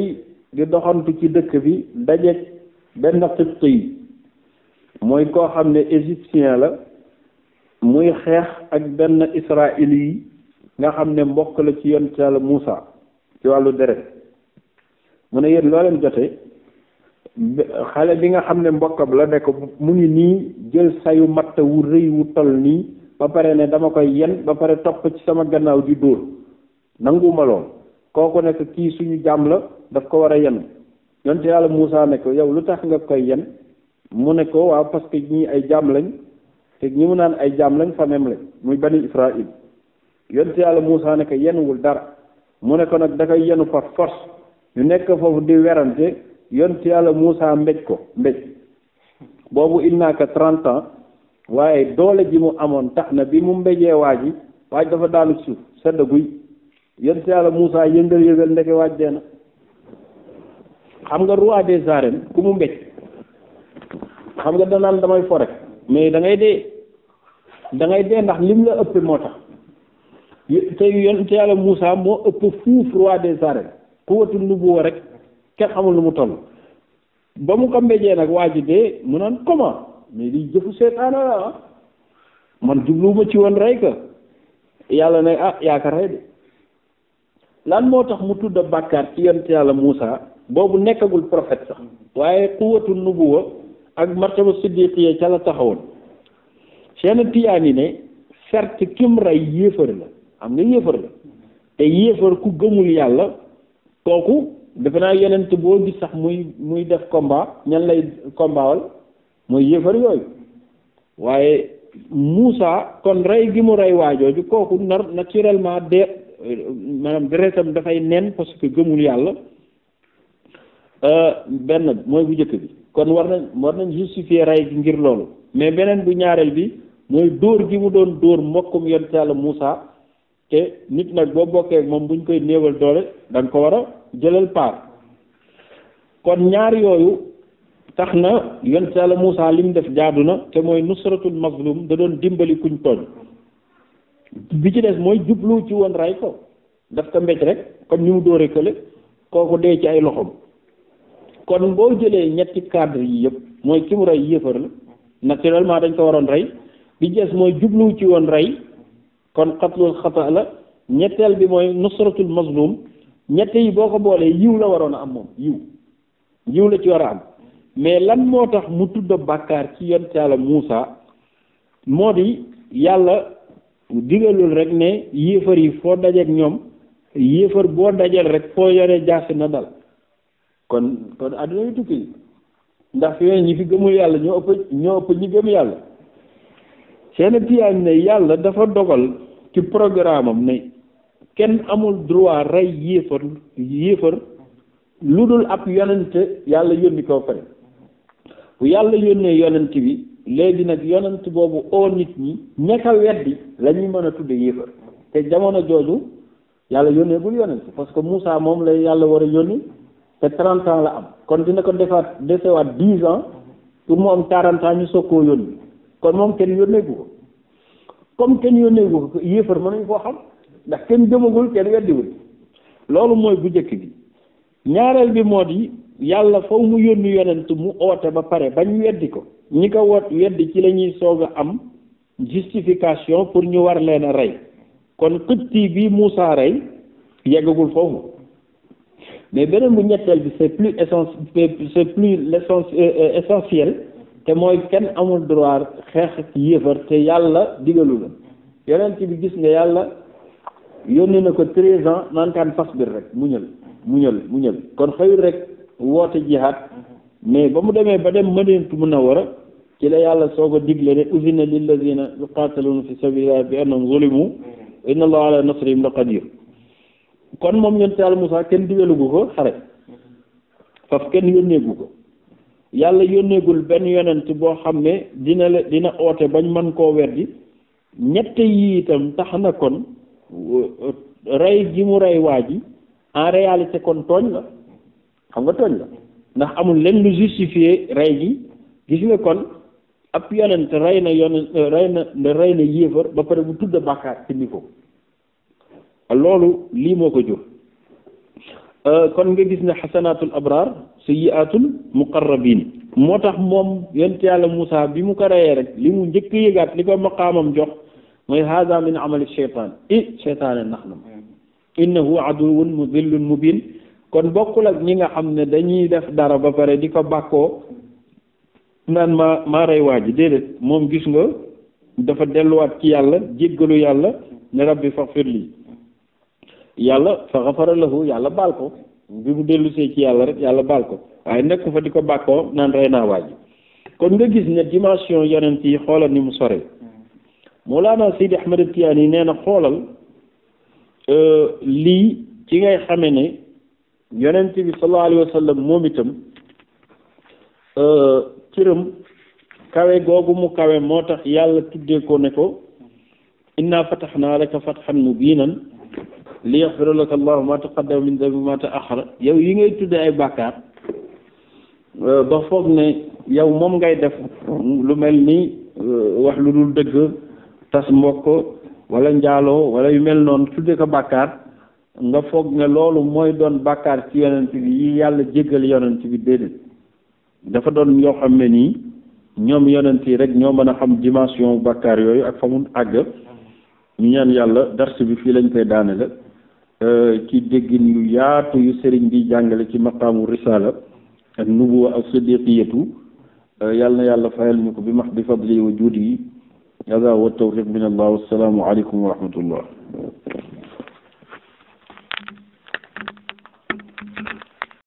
di doxantu ci dëkk bi dajeeg benn xibti yi mooy koo xam ne égyptien la muy xeex ak benn israeli yi nga xam ne mbokk la ci yonent yàlla Muusa ci wàllu deret mu ne yéen loo leen jote xale bi nga xam ne mbokkam la nekk mu ngi nii jël sayu matt wu rëy wu toll nii ba pare ne dama koy yen ba pare topp ci sama gannaaw di dóor nanguma lool kooku nekk kii suñu jaam la daf ko war a yen yonte yàlla Moussa ne ko yow lu tax nga koy yen mu ne ko waaw parce que ay jaam lañ te ñi mu naan ay jaam lañ famem lañ muy bani Israil yonte yàlla Moussa ne ko yenuwul dara mu ne ko nag da koy yenu par force ñu nekk foofu di werante yonte yàlla Moussa mbéj ko mbéj boobu il n'a que ans waaye doole ji mu amoon tax na bi mu mbéjee waaj yi waaj dafa daanu suuf sedd guy yonent yàlla Moussa yëngal yëngal ndeke waaj dee na xam nga roi des arènes ku mu mbéj xam nga danaan damay fore mais da ngay dee dangay ngay dee ndax lim la ëpp moo tax te yonent yàlla Moussa moo ëpp fuuf roi des arènes ku watu nubu rek kenn xamul nu mu toll ba mu ko mbéjee nag waaj dee mu naan comment mais lii jëfu seetaane la ah. man jubluwuma ci woon rey ka yàlla ne ah yaa ko rey de lan moo tax mu tudd bàkkaar ci yonent yàlla Muusa boobu nekkagul prophète sax waaye quwwatu nubuwa ak martaba siddiqiya ca la taxawoon seen tiyaan yi ne certes kim rey yéefar la am nga yéefar la te yéefar ku gëmul yàlla kooku defe naa yonent boo gis sax muy muy def combat ñan lay combat wal mooy yéefar yooyu waaye Moussa kon rey gi mu rey waajooju kooku nar naturellement de maanaam deretam dafay nen parce gëmul yàlla euh, benn mooy bu njëkk bi kon war nañ war nañ justifier rey gi ngir loolu mais beneen bu ñaareel bi mooy dóor gi mu doon dóor mbokkum yonent yàlla Moussa te nit nag boo bokkee ak moom buñ koy néewal doole da ko war a jëlal paar kon ñaar yooyu tax na yonent yàlla Moussa li mu def jaadu na te mooy nusratul mazlum da doon dimbali kuñ tooñ bi ci des mooy jublu ci woon ray daf ko mbéj rek comme ni mu dóore kële kooku dee ci ay loxoom kon boo jëlee ñetti cadre yi yëpp mooy ki mu rey yéefar la dañ ko waroon rey bi ci mooy jublu ci woon rey kon xatlul xata la ñetteel bi mooy nusratul mazlum ñett yi boo ko boolee yiw la waroon a am moom yiw yiw la ci war a am mais lan moo tax mu tudd bàkkaar ci yonent yàlla Muusa moo di yàlla digalul rek ne yéefar yi foo dajeek ñoom yéefar boo dajeel rek foo yore jaasi na dal kon kon àdduna bi tukki ndax fi ñi fi gëmul yàlla ñoo ëpp ñoo ëpp ñi gëm yàlla seen tiyaan ne yàlla dafa dogal ci programme am ne kenn amul droit rey yéefar yéefar lu dul ab yonent yàlla yónni ko pare bu yàlla yónnee yonent bi léegi nag yonent boobu oo nit ñi ñeka weddi la ñuy mën a tudde yéefar te jamono jooju yàlla yónnee bul yonent parce que Moussa moom la yàlla war a yónni te trente ans la am kon dina ko defaat desewaat dix ans pour mu am quarante ñu soog koo yónni kon moom kenn yónneegu ko comme kenn yónneegu ko yéefar mën nañu koo xam ndax kenn jëmagul kenn weddiwul loolu mooy bu njëkk bi ñaareel bi moo di yàlla faw mu yónni yonent mu oote ba pare bañ weddi ko ñi ko wot weddi ci la ñuy soog a am justification pour ñu war leen a rey kon xibti bi Moussa rey yeggagul foofu mais beneen bu ñetteel bi c'est plus essence c'est plus l'essence euh, essentiel te mooy kenn amul droit xeex ak yéefar te yàlla digalu la yonent bi gis nga yàlla yónni na ko treize ans naan kaan fasbir rek muñal muñal muñal kon xëyul rek woote ji jihaad mais ba mu demee ba dem Madinatu Munawwara ci la yàlla soog a digle ne na lillazina yuqaataluuna fi sabilillahi bi annahum zulimu inna allaha ala nasrihim la qadir kon moom yonent yàlla Musaa kenn digalagu ko xare faf kenn yónneegu ko yàlla yónneegul benn yonent boo xam ne dina la dina oote bañ man koo weddi ñett yi itam tax na kon rey gi mu rey waa ji en réalité kon tooñ la xam nga tooñ la ndax amul lenn lu justifié rey gi gis nga kon ab yonent rey na yon euh, na rey na yéefar ba pare bu tudd bàkkaar ci ko loolu lii moo ko jur euh, kon nga gis ne xasanaatul abraar sayyiaatul muqarrabiin moo tax moom yonent yàlla musaa bi mu ko reyee rek li mu njëkk yëgaat li ko maqaamam jox mooy haada min amali sheytaan i sheytaane nax na ma innahu aduwun mudillun mubin kon bokkul ak ñi nga xam ne dañuy def dara ba pare di ko bàkkoo naan ma maa rey waa ji déedéet moom gis nga dafa delluwaat ci yàlla jéggalu yàlla ne rabbi faghfir lii yàlla fa ghafara lahu yàlla baal ko bi mu dellusee ci yàlla rek yàlla baal ko waaye nekk fa di ko bàkkoo naan rey naa waa ji kon nga gis ne dimension yonent yi xoolal ni mu sore Mawlana Seydi Ahmed Tidiane yi nee na xoolal euh, lii ci ngay xame ne yonent bi sallallahu alayhi wa moom itam euh, cëram kawe googu mu kawe moo tax yàlla tuddee ko ne ko inna fatahnaa laka fathan mubiinan liyaghfira laka allahu ma taqaddama min dhanbi ma ta'akhkhara yow yi ngay tuddee ay bàkkaar euh, ba foog ne yow moom ngay def lu mel ni euh, wax lu dul dëgg tas mbokk wala njaaloo wala yu mel noonu tuddee ko bàkkaar nga foog ne loolu mooy doon bàkkaar ci yonent bi yi yàlla jéggal yonent bi déedéet dafa doon yoo xam ne nii ñoom yonent yi rek ñoo mën a xam dimension bàkkaar yooyu ak fa mu àgg ñu ñaan yàlla dars bi fii lañ koy daane la euh, ci déggin yu yaatu yu sëriñ bi jàngale ci maqaamu risaala ak nubuwa ak siddiqiyatu euh, yàlla na yàlla fayal ñu ko bi max bi fadli wa juudi yi hada wa tawfiq min allah aleykum wa